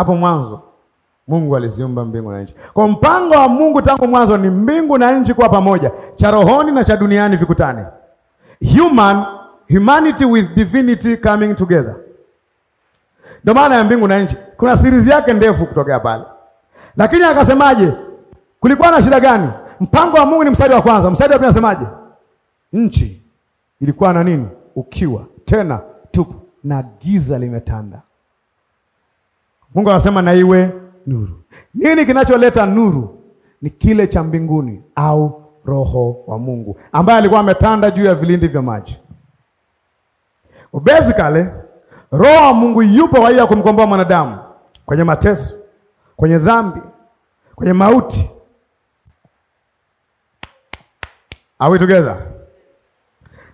Hapo mwanzo Mungu aliziumba mbingu na nchi. Kwa mpango wa Mungu tangu mwanzo ni mbingu na nchi kuwa pamoja, cha rohoni na cha duniani vikutane. Human humanity with divinity coming together. Ndio maana ya mbingu na nchi. Kuna siri yake ndefu kutokea pale. Lakini akasemaje? Kulikuwa na shida gani? Mpango wa Mungu ni mstari wa kwanza. Mstari wa pili anasemaje? Nchi ilikuwa na nini? Ukiwa tena tupu na giza limetanda. Mungu anasema na iwe nuru. Nini kinacholeta nuru? Ni kile cha mbinguni au roho wa Mungu ambaye alikuwa ametanda juu ya vilindi vya maji. Basically, roho wa Mungu yupo kwa ajili ya kumkomboa mwanadamu kwenye mateso, kwenye dhambi, kwenye mauti. Are we together?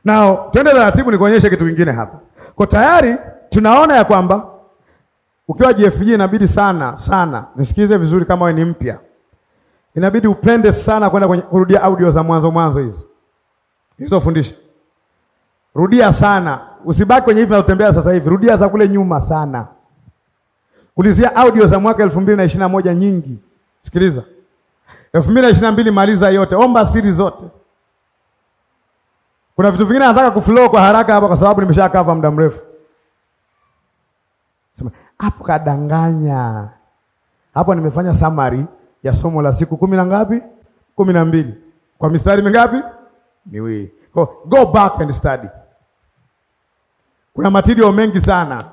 Now, twende taratibu nikuonyeshe kitu kingine hapa. Kwa tayari tunaona ya kwamba ukiwa JFG inabidi sana sana, nisikize vizuri, kama wewe ni mpya, inabidi upende sana kwenda kwenye kurudia audio za mwanzo mwanzo hizi hizo fundisha, rudia sana, usibaki kwenye hivi natutembea sasa hivi, rudia za kule nyuma sana, kulizia audio za mwaka elfu mbili na ishirini na moja nyingi. Sikiliza elfu mbili na ishirini na mbili maliza yote, omba siri zote. Kuna vitu vingine nataka kuflow kwa haraka hapa, kwa sababu nimeshakava muda mrefu hapo kadanganya. Hapo nimefanya summary ya somo la siku kumi na ngapi? kumi na mbili kwa mistari mingapi? Miwili. Go, go back and study. Kuna material mengi sana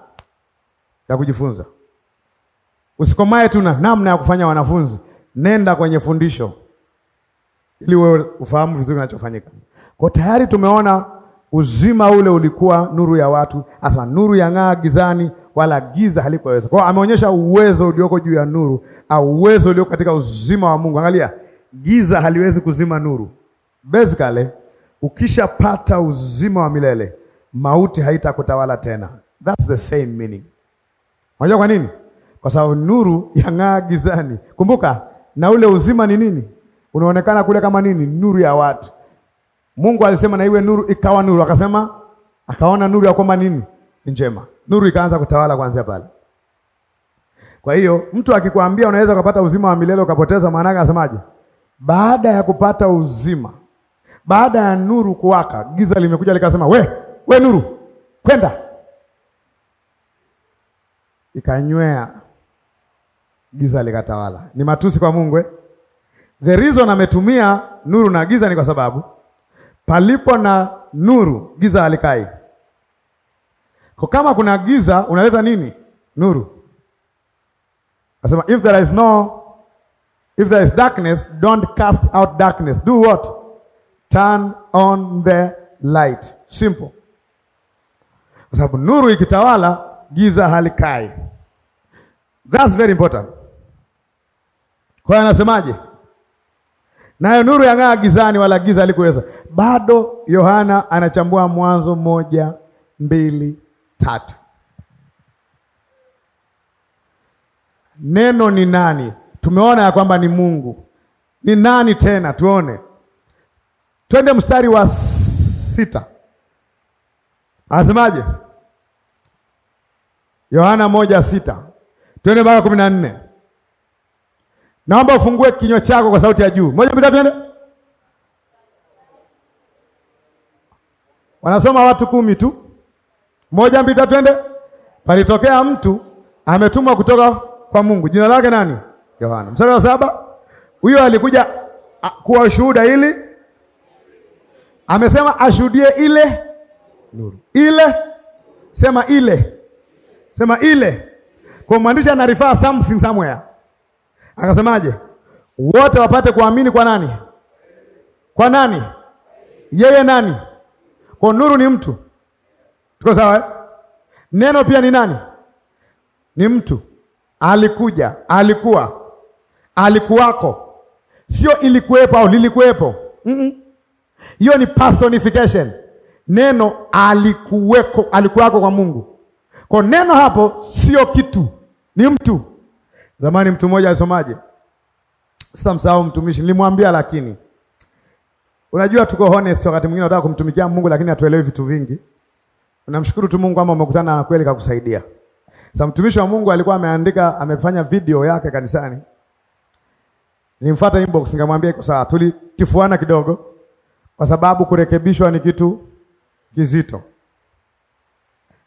ya kujifunza. Usikomae tu na namna ya kufanya wanafunzi, nenda kwenye fundisho ili wewe ufahamu vizuri kinachofanyika. Kwa tayari tumeona uzima ule ulikuwa nuru ya watu, asa nuru ya ng'aa gizani, wala giza halikuwaweza. Kwa hiyo ameonyesha uwezo ulioko juu ya nuru au uwezo ulioko katika uzima wa Mungu. Angalia, giza haliwezi kuzima nuru. Basically, ukishapata uzima wa milele, mauti haitakutawala tena. That's the same meaning. Unajua kwa nini? Kwa sababu nuru yang'aa gizani. Kumbuka, na ule uzima ni nini? Unaonekana kule kama nini? Nuru ya watu. Mungu alisema na iwe nuru, ikawa nuru. Akasema akaona nuru ya kwamba nini? njema nuru ikaanza kutawala kuanzia pale. Kwa hiyo mtu akikwambia unaweza ukapata uzima wa milele ukapoteza, maana yake anasemaje? Baada ya kupata uzima, baada ya nuru kuwaka, giza limekuja likasema, we we, nuru kwenda, ikanywea, giza likatawala. Ni matusi kwa Mungu eh? The reason ametumia nuru na giza ni kwa sababu palipo na nuru giza halikai. Kwa kama kuna giza unaleta nini? Nuru. Nasema if there is no if there is darkness don't cast out darkness. Do what? Turn on the light. Simple. Kwa sababu nuru ikitawala giza halikai. That's very important. Kwa hiyo anasemaje? Nayo nuru yang'aa gizani, wala giza halikuweza. Bado Yohana anachambua Mwanzo moja mbili tatu. Neno ni nani? Tumeona ya kwamba ni Mungu. Ni nani tena? Tuone, twende mstari wa sita. Anasemaje? Yohana moja sita, twende mpaka kumi na nne. Naomba ufungue kinywa chako kwa sauti ya juu. Moja, mbili, tatu, Wanasoma watu kumi tu. Moja mbili tatu, twende. Palitokea mtu ametumwa kutoka kwa Mungu, jina lake nani? Yohana. Mstari wa saba, huyo alikuja kuwa shuhuda ili amesema ashuhudie ile nuru, ile sema ile sema ile. Kwa mwandishi anarifaa something somewhere, akasemaje? Wote wapate kuamini kwa nani? Kwa nani? Yeye nani? Kwa nuru ni mtu Tuko sawa? Eh? Neno pia ni nani? Ni mtu. Alikuja, alikuwa, alikuwako, sio ilikuwepo au lilikuwepo. Mm-mm. Hiyo ni personification. Neno alikuweko, alikuwako kwa Mungu. Kwa neno hapo sio kitu, ni mtu. Zamani mtu mmoja alisomaje? Sitamsahau mtumishi, nilimwambia lakini, unajua tuko honest, wakati mwingine unataka kumtumikia Mungu lakini hatuelewi vitu vingi namshukuru tu Mungu ama umekutana na kweli kakusaidia. Sasa mtumishi wa Mungu alikuwa ameandika amefanya video yake kanisani. Nilimfuata inbox nikamwambia iko sawa, tulitifuana kidogo kwa sababu kurekebishwa ni kitu kizito.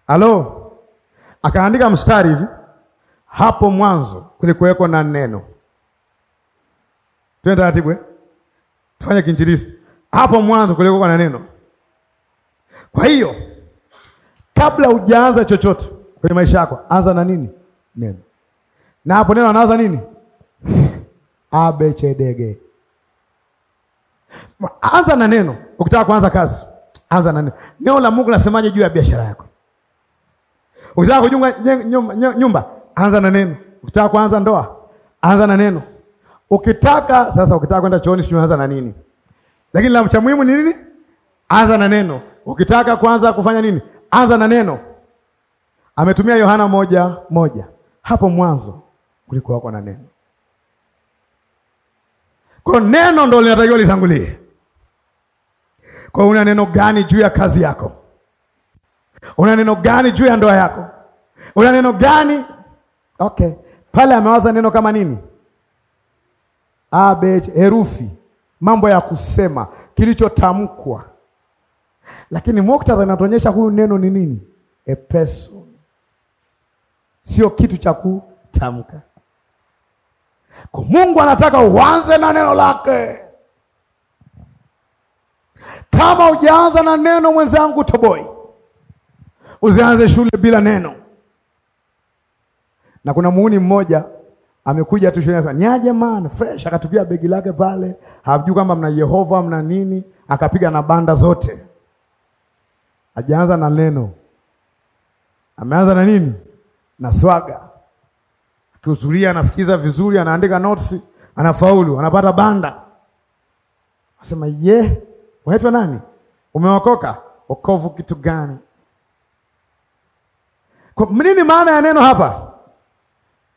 Halo? Akaandika mstari hivi, hapo mwanzo kulikuweko na neno. Twende taratibu eh? Tufanye kinjilisti. Hapo mwanzo kulikuweko na neno. Kwa hiyo kabla hujaanza chochote kwenye maisha yako, anza na nini? Neno. Na hapo neno anaanza nini? Abechedege. Anza na neno. Ukitaka kuanza kazi, anza na neno. Neno la Mungu nasemaje juu ya biashara yako? Ukitaka kujunga nyumba, anza na neno. Ukitaka kuanza ndoa, anza na neno. Ukitaka sasa, ukitaka kwenda chooni, sio anza na nini? Lakini la mcha muhimu ni nini? Anza na neno. Ukitaka kuanza kufanya nini? anza na neno. Ametumia Yohana moja moja, hapo mwanzo kulikuwako wako na neno. Kwa neno ndo linatakiwa litangulie. Kwa una neno gani juu ya kazi yako? Una neno gani juu ya ndoa yako? Una neno gani? Okay, pale amewaza neno kama nini? A, B, herufi, mambo ya kusema, kilichotamkwa lakini muktadha inatuonyesha huyu neno ni nini? A person, sio kitu cha kutamka. Kwa Mungu anataka uanze na neno lake. Kama ujaanza na neno, mwenzangu toboi, usianze shule bila neno. Na kuna muuni mmoja amekuja tu shule ni man fresh, akatupia begi lake pale, hajui kwamba mna Yehova mna nini, akapiga na banda zote Hajaanza na neno, ameanza na nini? Na swaga. Akihudhuria anasikiza vizuri, anaandika notes, anafaulu, anapata banda, asema ye yeah. Unaitwa nani? Umeokoka? Okovu kitu gani? Kwa nini maana ya neno hapa?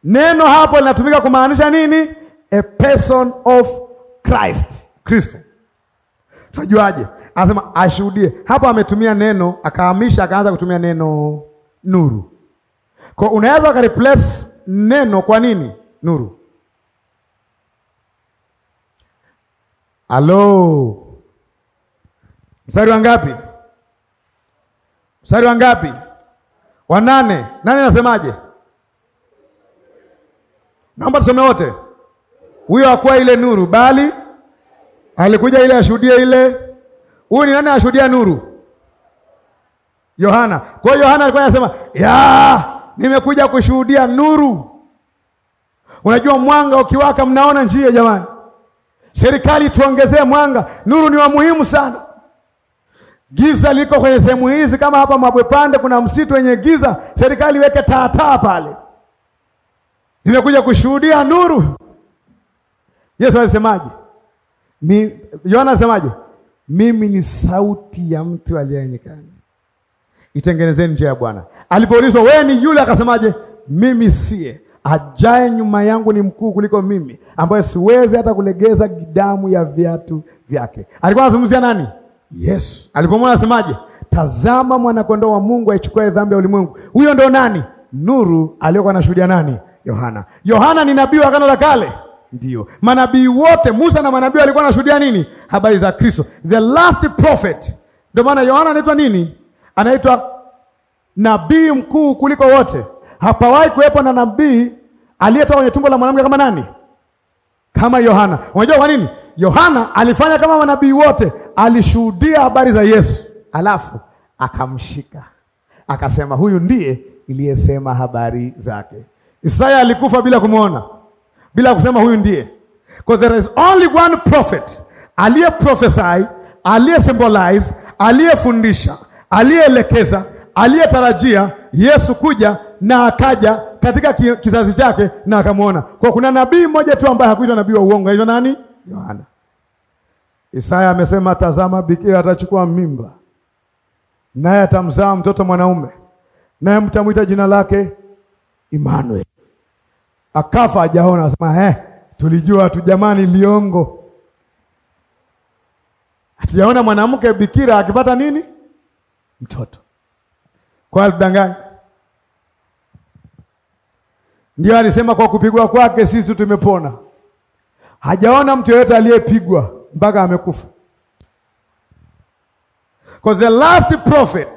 Neno hapo linatumika kumaanisha nini? A person of Christ, Kristo. Tajuaje? anasema ashuhudie. Hapo ametumia neno akahamisha, akaanza kutumia neno nuru. Kwa unaweza ukareplace neno kwa nini nuru? Halo, mstari wa ngapi? Mstari wa ngapi? wa nane. Nane nasemaje? Naomba tusome wote. Huyo hakuwa ile nuru, bali alikuja ile ashuhudie ile Huyu ni nani anashuhudia nuru? Yohana. Kwa hiyo Yohana alikuwa anasema, "Ya, nimekuja kushuhudia nuru." Unajua mwanga ukiwaka mnaona njia jamani. Serikali tuongezee mwanga. Nuru ni wa muhimu sana. Giza liko kwenye sehemu hizi kama hapa Mabwepande kuna msitu wenye giza, serikali iweke taataa pale. Nimekuja kushuhudia nuru. Yesu alisemaje? Mi Yohana alisemaje? mimi ni sauti ya mtu aliye itengenezeni njia ya Bwana. Alipoulizwa wewe ni yule, akasemaje? Mimi siye, ajaye nyuma yangu ni mkuu kuliko mimi, ambaye siwezi hata kulegeza gidamu ya viatu vyake. Alikuwa anazungumzia nani? Yesu. Alipomwona asemaje? Tazama mwanakondoo wa Mungu aichukue dhambi ya ulimwengu. Huyo ndo nani? Nuru aliyokuwa anashuhudia nani? Yohana. Yohana ni nabii wa Agano la Kale. Ndio manabii wote, Musa na manabii walikuwa wanashuhudia nini? Habari za Kristo, the last prophet. Ndio maana Yohana anaitwa nini? Anaitwa nabii mkuu kuliko wote. Hapawahi kuwepo na nabii aliyetoka kwenye tumbo la mwanamke kama nani? Kama Yohana. Unajua kwa nini? Yohana alifanya kama manabii wote, alishuhudia habari za Yesu, alafu akamshika, akasema huyu ndiye iliyesema habari zake. Isaya alikufa bila kumwona bila kusema huyu ndiye, because there is only one prophet aliye prophesy, aliye symbolize, aliyefundisha, aliyeelekeza, aliyetarajia Yesu kuja na akaja katika kizazi chake na akamwona. Kwa kuna nabii mmoja tu ambaye hakuitwa nabii wa uongo, hiyo nani? Yohana. Isaya amesema, tazama bikira atachukua mimba, naye atamzaa mtoto mwanaume, naye mtamwita jina lake Immanuel akafa hajaona, asema eh, tulijua tu jamani, liongo. Hatujaona mwanamke bikira akipata nini mtoto, kwa tudanganya. Ndio alisema kwa kupigwa kwake sisi tumepona. Hajaona mtu yeyote aliyepigwa mpaka amekufa. Because the last prophet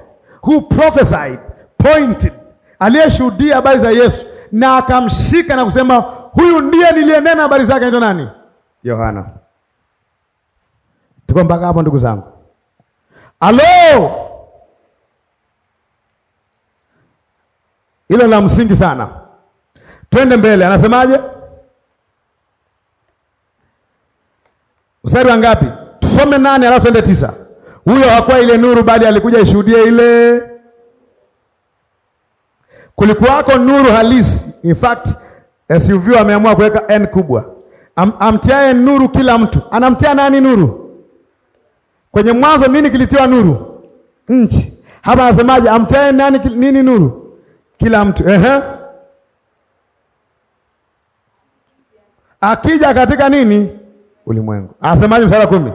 who prophesied pointed, aliyeshuhudia habari za Yesu na akamshika na kusema, huyu ndiye niliyenena habari zake. Anaitwa nani? Yohana. Tuko mpaka hapo, ndugu zangu. Alo, hilo la msingi sana. Twende mbele, anasemaje? Mstari wa ngapi? Tusome nane alafu twende tisa. Huyo hakuwa ile nuru, bali alikuja ishuhudie ile kulikuwako nuru halisi. In fact, SUV ameamua kuweka N kubwa. Am, amtiaye nuru kila mtu anamtia nani nuru? Kwenye Mwanzo nini kilitiwa nuru? Nchi. Hapa anasemaje? Amtiaye nani nini nuru? Kila mtu. Ehe. Akija katika nini? Ulimwengu. Anasemaje mstari kumi?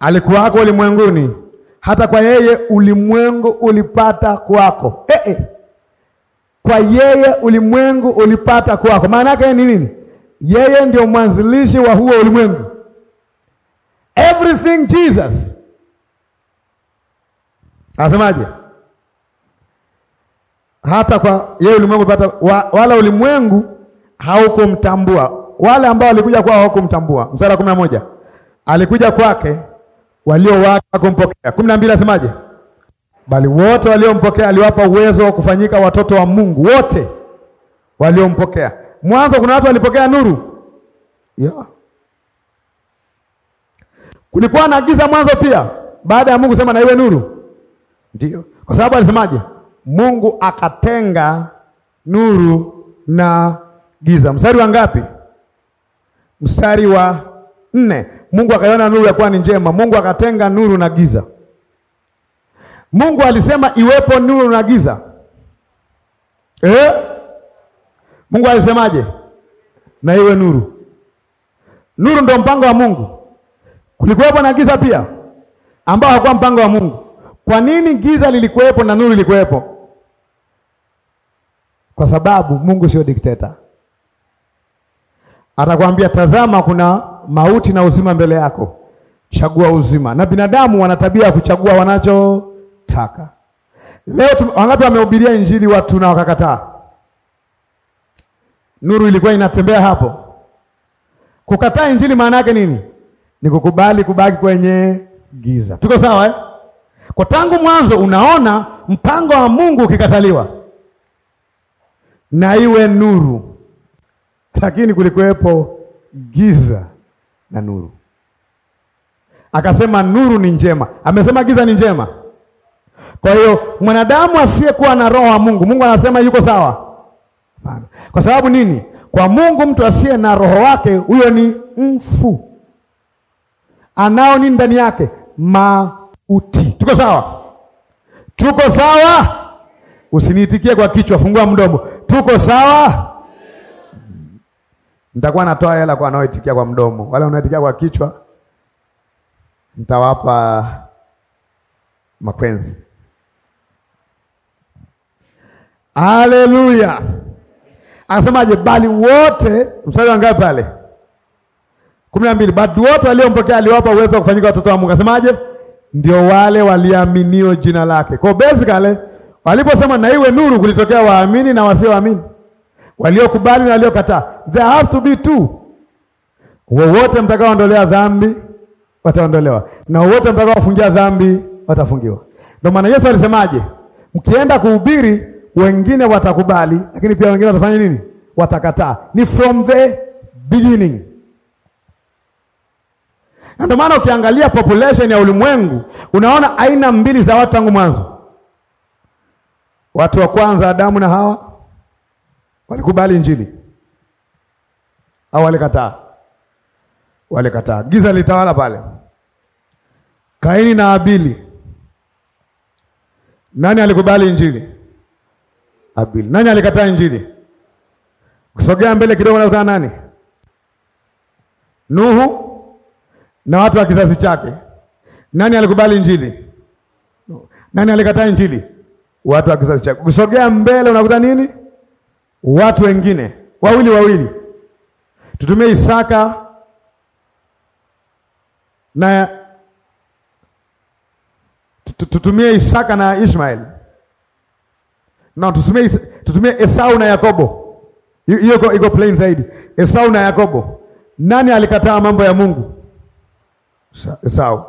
Alikuwako ulimwenguni hata kwa yeye ulimwengu ulipata kwako. Eh, eh kwa yeye ulimwengu ulipata kuwako. Maana yake ni nini? Yeye ndio mwanzilishi wa huo ulimwengu. Everything Jesus. Asemaje? Hata kwa yeye ulimwengu pata wa, wala ulimwengu haukumtambua. Wale ambao walikuja kwao haukumtambua. Mstari wa 11. Alikuja kwake walio wake na 12 asemaje? bali wote waliompokea aliwapa uwezo wa kufanyika watoto wa Mungu, wote waliompokea. Mwanzo kuna watu walipokea nuru yeah. Kulikuwa na giza mwanzo pia, baada ya Mungu sema na iwe nuru, ndio kwa sababu alisemaje? Mungu akatenga nuru na giza. Mstari wa ngapi? Mstari wa nne. Mungu akaiona nuru ya kuwa ni njema, Mungu akatenga nuru na giza. Mungu alisema iwepo nuru na giza eh? Mungu alisemaje? Na iwe nuru. Nuru ndio mpango wa Mungu. Kulikuwepo na giza pia, ambao hakuwa mpango wa Mungu. Kwa nini giza lilikuwepo na nuru ilikuwepo? Kwa sababu Mungu sio dikteta. Atakwambia, tazama, kuna mauti na uzima mbele yako, chagua uzima. Na binadamu wana tabia ya kuchagua wanacho kuitaka. Leo wangapi wamehubiria injili watu na wakakataa? Nuru ilikuwa inatembea hapo. Kukataa injili maana yake nini? Ni kukubali kubaki kwenye giza. Tuko sawa eh? Kwa tangu mwanzo unaona mpango wa Mungu ukikataliwa, na iwe nuru, lakini kulikuwepo giza na nuru. Akasema nuru ni njema, amesema giza ni njema kwa hiyo mwanadamu asiyekuwa na roho wa Mungu, Mungu anasema yuko sawa? Hapana. Kwa sababu nini? Kwa Mungu mtu asiye na roho wake huyo ni mfu, anao nini ndani yake? Mauti. Tuko sawa? Tuko sawa? Usiniitikie kwa kichwa, fungua mdomo. Tuko sawa? Nitakuwa natoa hela kwa anaoitikia kwa mdomo, wale wanaoitikia kwa kichwa nitawapa makwenzi. Haleluya. Anasemaje? Bali wote, mstari wa pale? kumi na mbili. Bali wote waliompokea aliwapa uwezo wa kufanyika watoto wa Mungu. Anasemaje? Ndio wale waliaminio jina lake. Kwa basically waliposema na iwe nuru, kulitokea waamini na wasioamini, waliokubali na waliokataa. There has to be two. Wowote mtakaoondolea dhambi wataondolewa, na wowote mtakaofungia dhambi watafungiwa. Ndio maana Yesu alisemaje? Mkienda kuhubiri wengine watakubali, lakini pia wengine watafanya nini? Watakataa. Ni from the beginning. Na ndio maana ukiangalia population ya ulimwengu unaona aina mbili za watu tangu mwanzo. Watu wa kwanza Adamu na Hawa walikubali Injili au walikataa? Walikataa. Giza litawala pale. Kaini na Abili, nani alikubali Injili? Abili. Nani alikataa Injili? Kusogea mbele kidogo unakutana nani? Nuhu na watu wa kizazi chake. Nani alikubali Injili? Nani alikataa Injili? Watu wa kizazi chake. Ukisogea mbele unakuta nini? Watu wengine wawili wawili. Tutumie Isaka na tutumie Isaka na Ishmaeli na tutumie tutumie Esau na Yakobo. Hiyo iko plain zaidi. Esau na Yakobo, nani alikataa mambo ya Mungu? Esau.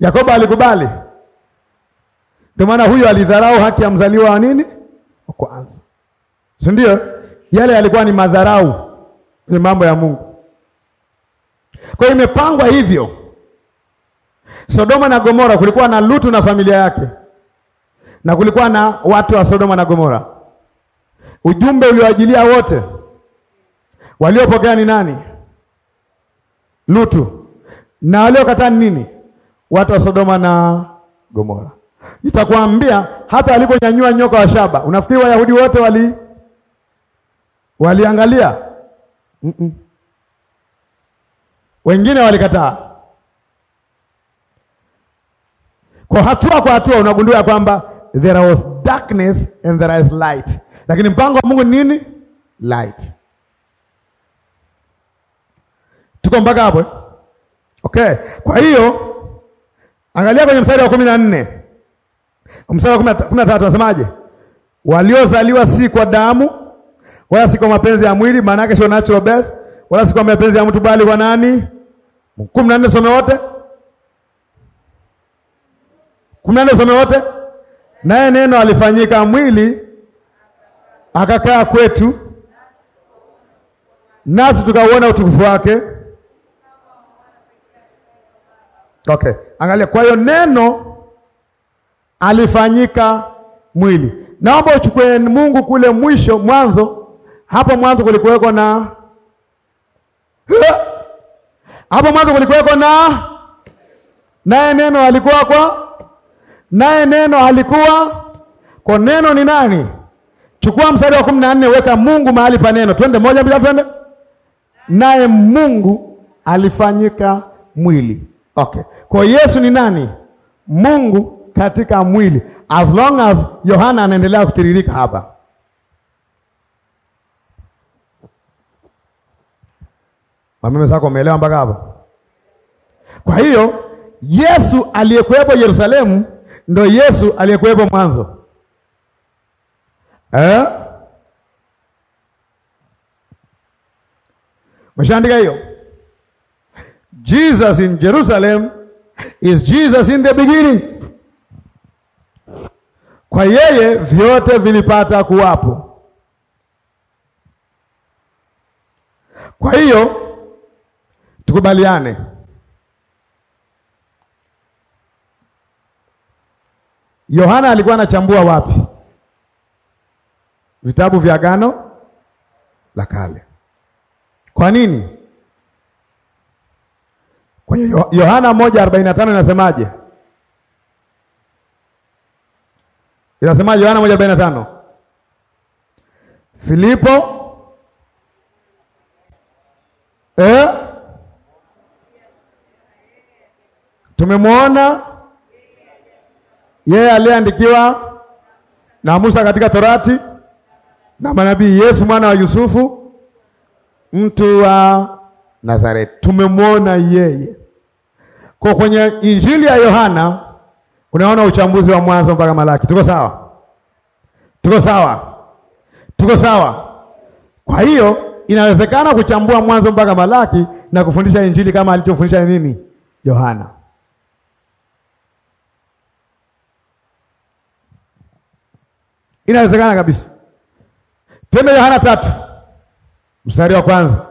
Yakobo alikubali, ndio maana huyo alidharau haki ya mzaliwa wa nini wa kwanza, si ndio? Yale yalikuwa ni madharau, ni mambo ya Mungu. Kwa hiyo imepangwa hivyo. Sodoma na Gomora kulikuwa na Lutu na familia yake na kulikuwa na watu wa Sodoma na Gomora. Ujumbe ulioajilia wote waliopokea ni nani? Lutu. Na waliokataa ni nini? Watu wa Sodoma na Gomora. Nitakwambia hata aliponyanyua nyoka wa shaba, unafikiri Wayahudi wote wali waliangalia? mm -mm. Wengine walikataa. Kwa hatua kwa hatua unagundua kwamba there was darkness and there is light, lakini mpango wa Mungu nini? Light. Tuko mpaka hapo eh? okay. Kwa hiyo angalia kwenye mstari wa kumi na nne mstari wa kumi na tatu nasemaje? Waliozaliwa si kwa damu wala si kwa mapenzi ya mwili, maana yake sio natural birth, wala si kwa mapenzi ya mtu, bali kwa nani? kumi na nne some wote, kumi na nne some wote naye neno alifanyika mwili akakaa kwetu, nasi tukauona utukufu wake. Okay, angalia. Kwa hiyo neno alifanyika mwili. Naomba uchukue Mungu kule mwisho, mwanzo. Hapo mwanzo kulikuweko na hapo mwanzo kulikuweko na naye neno alikuwa kwa naye neno halikuwa kwa neno ni nani? Chukua mstari wa kumi na nne weka Mungu mahali pa neno, twende moja bila, twende naye Mungu alifanyika mwili. Okay, kwa Yesu ni nani? Mungu katika mwili, as long as Yohana anaendelea kutiririka hapa. Mameme zako umeelewa mpaka hapa? Kwa hiyo Yesu aliyekuwepo Yerusalemu ndo Yesu aliyekuwepo mwanzo eh? Meshaandika hiyo Jesus in Jerusalem is Jesus in the beginning. Kwa yeye vyote vilipata kuwapo. Kwa hiyo tukubaliane Yohana alikuwa anachambua wapi? Vitabu vya Agano la Kale. Kwa nini? Kwenye Yohana 1:45 inasemaje? Inasema Yohana 1:45. Filipo eh? Tumemwona yeye aliyeandikiwa na Musa katika Torati na manabii, Yesu mwana wa Yusufu, mtu wa Nazareti, tumemwona yeye. Kwa kwenye Injili ya Yohana unaona uchambuzi wa Mwanzo mpaka Malaki. Tuko sawa? Tuko sawa? Tuko sawa? Kwa hiyo inawezekana kuchambua Mwanzo mpaka Malaki na kufundisha Injili kama alichofundisha nini Yohana. Inawezekana kabisa. Twende Yohana tatu mstari wa kwanza.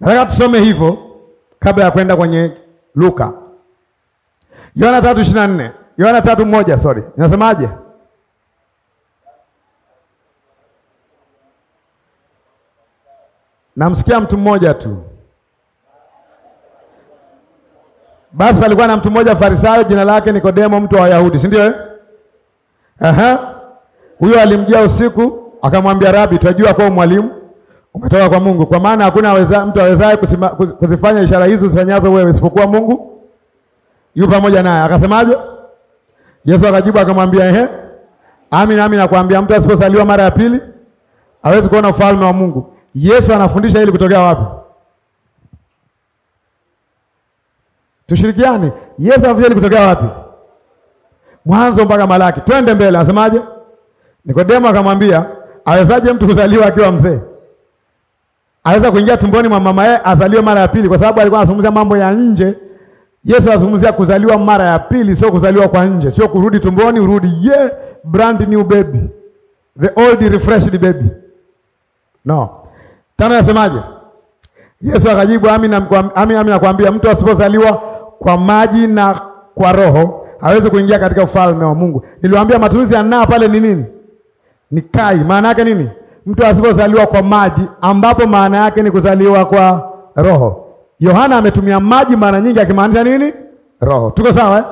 Nataka tusome hivyo kabla ya kwenda kwenye Luka. Yohana tatu ishirini na nne Yohana tatu moja sorry, inasemaje? Namsikia mtu mmoja tu Basi palikuwa na mtu mmoja Farisayo, jina lake Nikodemo, mtu wa Wayahudi, si ndio? Eh? Aha, huyo alimjia usiku, akamwambia Rabi, tunajua kwa mwalimu umetoka kwa Mungu, kwa maana hakuna weza, mtu awezaye kuzifanya ishara hizo zifanyazo wewe isipokuwa Mungu yu pamoja naye. Akasemaje? Yesu akajibu akamwambia, ehe, amin amin nakwambia, mtu asiposaliwa mara ya pili hawezi kuona ufalme wa Mungu. Yesu anafundisha ili kutokea wapi? Tushirikiane. Yesu anafuja kutokea wapi? Mwanzo mpaka Malaki. Twende mbele, asemaje? Nikodemo akamwambia, awezaje mtu kuzaliwa akiwa mzee? Aweza kuingia tumboni mwa mama yake azaliwe mara ya pili? Kwa sababu alikuwa anazungumzia mambo ya nje. Yesu anazungumzia kuzaliwa mara ya pili, sio kuzaliwa kwa nje, sio kurudi tumboni urudi ye yeah, brand new baby. The old refreshed baby. No. Tano, anasemaje? Yesu akajibu, amina, amina nakwambia mtu asipozaliwa kwa maji na kwa roho aweze kuingia katika ufalme wa Mungu. Niliwaambia matumizi ya pale ni nini? Ni kai. Maana yake nini? Mtu asipozaliwa kwa maji, ambapo maana yake ni kuzaliwa kwa roho. Yohana ametumia maji mara nyingi akimaanisha nini? Roho. Tuko sawa eh?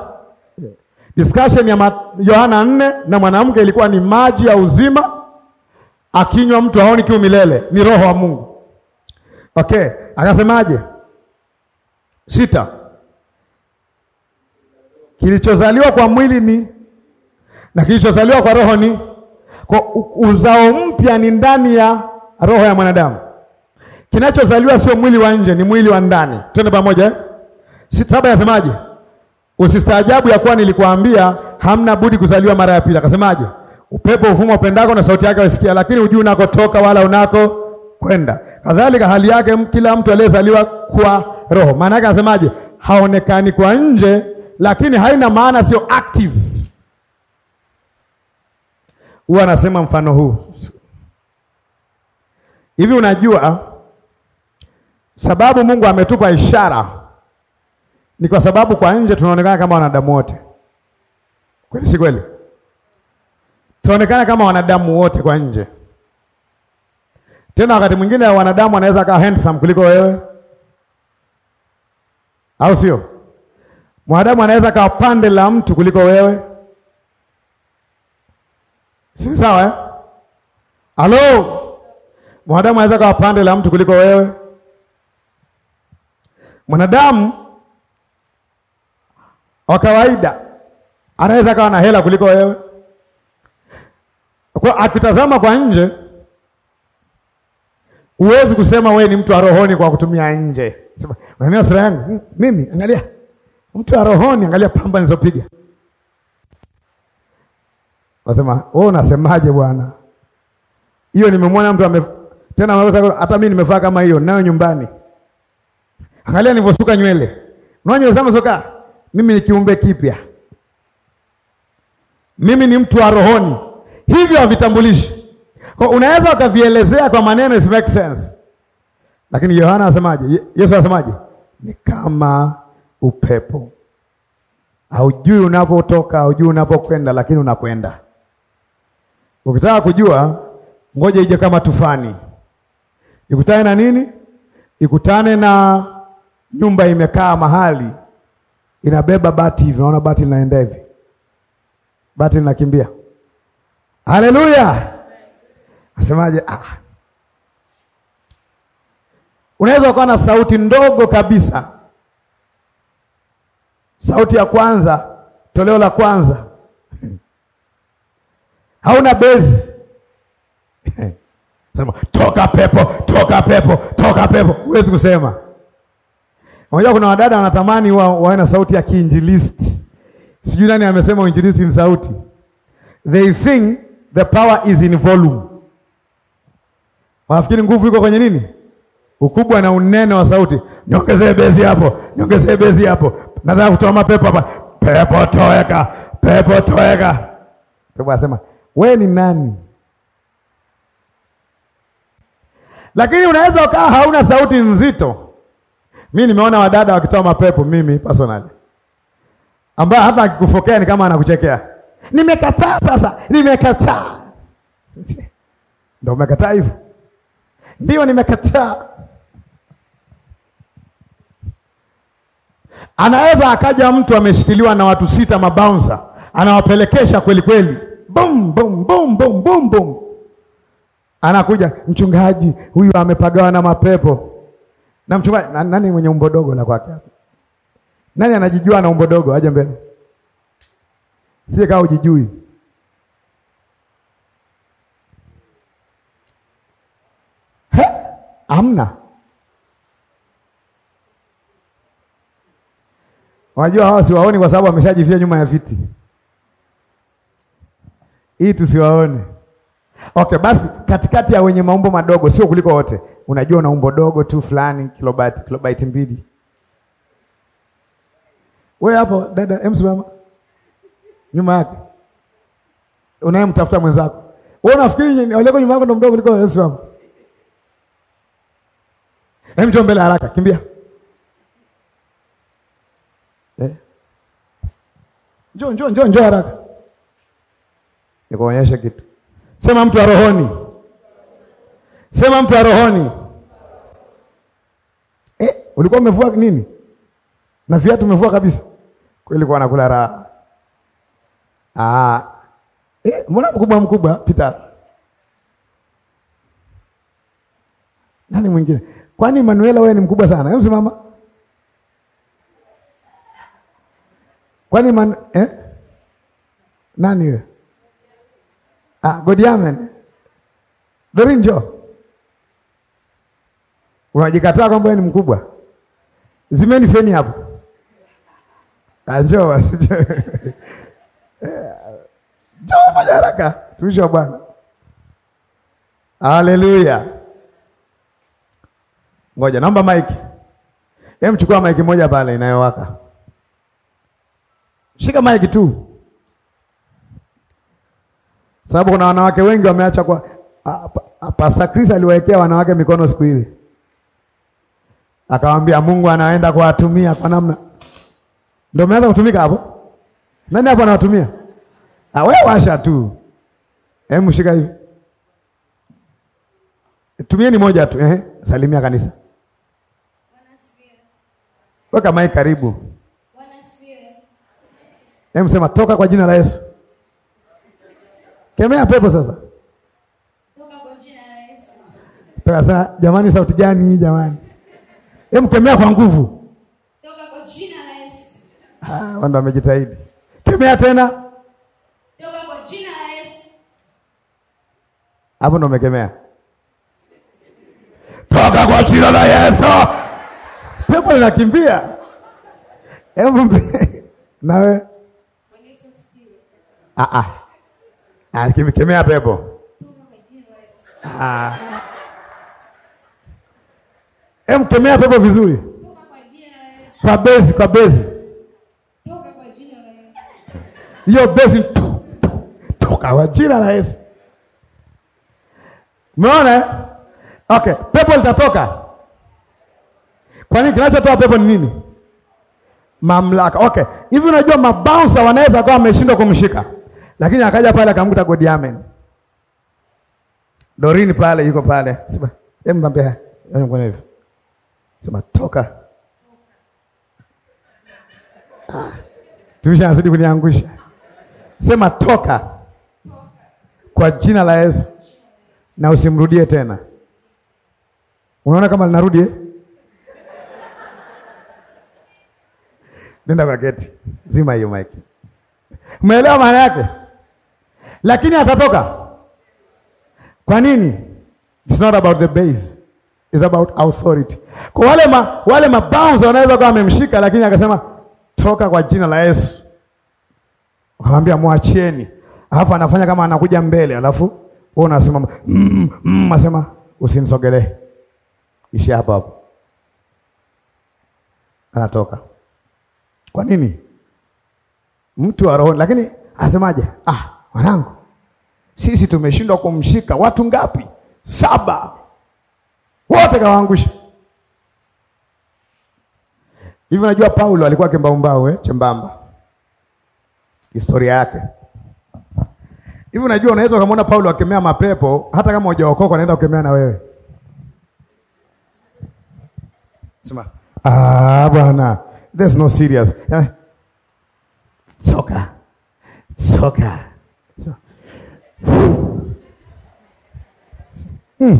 Discussion ya Yohana nne na mwanamke ilikuwa ni maji ya uzima, akinywa mtu haoni kiu milele, ni roho wa Mungu. Okay, akasemaje? Sita Kilichozaliwa kwa mwili ni na kilichozaliwa kwa roho ni kwa uzao mpya ni ndani ya roho ya mwanadamu. Kinachozaliwa sio mwili wa nje, ni mwili wa ndani. Twende pamoja eh? Saba yasemaje? Usistaajabu ya kuwa nilikuambia hamna budi kuzaliwa mara ya pili. Akasemaje? Upepo uvuma upendako na sauti yake usikia, lakini hujui unakotoka wala unako kwenda. Kadhalika hali yake kila mtu aliyezaliwa kwa roho. Maana yake anasemaje? Haonekani kwa nje lakini haina maana, sio active. Huwa anasema mfano huu hivi, unajua sababu Mungu ametupa ishara ni kwa sababu kwa nje tunaonekana kama wanadamu wote, kweli si kweli? Tunaonekana kama wanadamu wote kwa nje. Tena wakati mwingine wanadamu anaweza akawa handsome kuliko wewe, au sio? Mwanadamu anaweza kawa pande la mtu kuliko wewe, si sawa eh? Halo, mwanadamu anaweza kawa pande la mtu kuliko wewe. Mwanadamu wa kawaida anaweza kawa na hela kuliko wewe, kwa akitazama kwa nje huwezi kusema wewe ni mtu wa rohoni kwa kutumia nje. unaniona sura yangu hmm, mimi? Angalia Mtu wa rohoni, angalia pamba nilizopiga. Wasema wewe unasemaje bwana? Hiyo nimemwona mtu ame tena anaweza hata mimi nimevaa kama hiyo nayo nyumbani. Angalia nilivyosuka nywele. Unaona nywele zangu zoka? Mimi ni kiumbe kipya. Mimi ni mtu wa rohoni. Hivyo havitambulishi. Kwa unaweza ukavielezea kwa maneno is make sense. Lakini Yohana anasemaje? Yesu anasemaje? Ni kama upepo. Haujui unavyotoka, haujui unavyokwenda, lakini unakwenda. Ukitaka kujua, ngoja ije kama tufani, ikutane na nini? Ikutane na nyumba imekaa mahali, inabeba bati hivi, naona bati linaenda hivi, bati linakimbia. Haleluya! Asemaje? Ah, unaweza ukawa na sauti ndogo kabisa sauti ya kwanza, toleo la kwanza hauna bezi sema toka pepo, toka pepo, toka pepo, huwezi kusema. Unajua kuna wadada wanatamani wa, wawe na sauti ya kiinjilisti. Sijui nani amesema uinjilisti ni sauti. They think the power is in volume. Wanafikiri nguvu iko kwenye nini? Ukubwa na unene wa sauti. Niongezee bezi hapo, niongezee bezi hapo. Nataka kutoa mapepo hapa. Pepo toeka, pepo toeka. Pepo asema, we ni nani? Lakini unaweza ukawa hauna sauti nzito. Mimi nimeona wadada wakitoa mapepo, mimi personally, ambayo hata akikufokea ni kama anakuchekea. Nimekataa sasa, nimekataa. Ndio umekataa hivyo? Ndio, nimekataa Anaweza akaja mtu ameshikiliwa na watu sita mabaunsa, anawapelekesha kweli kweli, bum bum bum bum bum bum, anakuja mchungaji, huyu amepagawa na mapepo na mchungaji na, nani mwenye umbo dogo la kwake? Nani anajijua na umbo dogo? Aje mbele, sie kaa ujijui. amna Unajua hawa siwaoni kwa sababu wameshajifia nyuma ya viti, hii tusiwaone. Okay, basi katikati ya wenye maumbo madogo, sio kuliko wote. Unajua una umbo dogo tu fulani, kilobaiti kilobaiti mbili. Wewe hapo dada, emsimama nyuma yake, unayemtafuta mwenzako wewe, unafikiri walioko nyuma yako ndo mdogo kuliko wewe? Emsimama, emjo mbele haraka, kimbia njoo njoo njoo njoo haraka, nikuonyeshe kitu. Sema mtu wa rohoni, sema mtu wa rohoni. Eh, ulikuwa umevua nini na viatu umevua kabisa kweli, kwa anakula raha. Ah, eh, mbona mkubwa mkubwa pita nani mwingine? Kwani Manuela wewe ni mkubwa sana? Hebu simama. Kwani man, eh? Nani we Ah, Godiamen. Dorinjo. Unajikataa kwamba wewe ni mkubwa. Zimeni feni hapo. Njoo basi. Njoo fanya haraka. Tumisha Bwana. Haleluya. Ngoja naomba maiki. Hem, chukua maiki moja pale inayowaka. Shika maiki tu, sababu kuna wanawake wengi wameacha kwa Pastor Chris aliwaekea wanawake mikono siku ile, akawaambia Mungu anaenda kuwatumia kwa namna, ndio umeanza kutumika hapo. Nani hapo anawatumia? Ah, wewe washa tu, hebu shika hivi, tumieni moja tu, ehe, salimia kanisa, weka maiki karibu Hebu sema toka kwa jina la Yesu. Kemea pepo sasa. Toka kwa jina la Yesu. Toka sasa, jamani sauti gani hii jamani? Hebu kemea kwa nguvu. Toka kwa jina la Yesu. Ah, wanda wamejitahidi. Kemea tena. Toka kwa jina la Yesu. Hapo ndo umekemea. Toka kwa jina la Yesu. Pepo linakimbia. Hebu nawe ah ah, ah kimkemea pepo ah. Emkemea pepo vizuri kwa bezi, kwa bezi hiyo bezi, toka kwa jina la Yesu. Umeona? Eh? Okay, pepo litatoka. Kwa nini? Kinachotoa pepo ni nini? Mamlaka. Okay, hivi unajua mabounsa wanaweza kuwa wameshindwa kumshika lakini akaja pale akamkuta Amen. Dorini pale yuko pale. Sema, hebu mbambia. Yeye mkono hivi. Sema toka. Ah. Tumisha anazidi kuniangusha. Sema toka. Kwa jina la Yesu. Na usimrudie tena. Unaona kama linarudi eh? Nenda kwa geti. Zima hiyo mic. Umeelewa maana yake? lakini atatoka. Kwa nini? It's not about the base. It's about authority. Kwa wale ma, wale mabanza wanaweza kuwa wamemshika lakini akasema toka kwa jina la Yesu. Akamwambia mwachieni Alafu anafanya kama anakuja mbele, alafu wewe unasimama. Mm, mm, asema usinisogelee. Ishi hapa hapo. Anatoka. Kwa nini? Mtu wa roho lakini asemaje? Ah, Wanangu, sisi tumeshindwa kumshika. Watu ngapi? Saba, wote kawaangusha hivi. Unajua Paulo alikuwa kimbaumbau eh, chembamba, historia yake hivi. Unajua, unaweza ukamwona Paulo akemea mapepo, hata kama hujaokoka anaenda kukemea na wewe. Sema ah, bwana, there's no serious. Eh? Soka soka Hmm.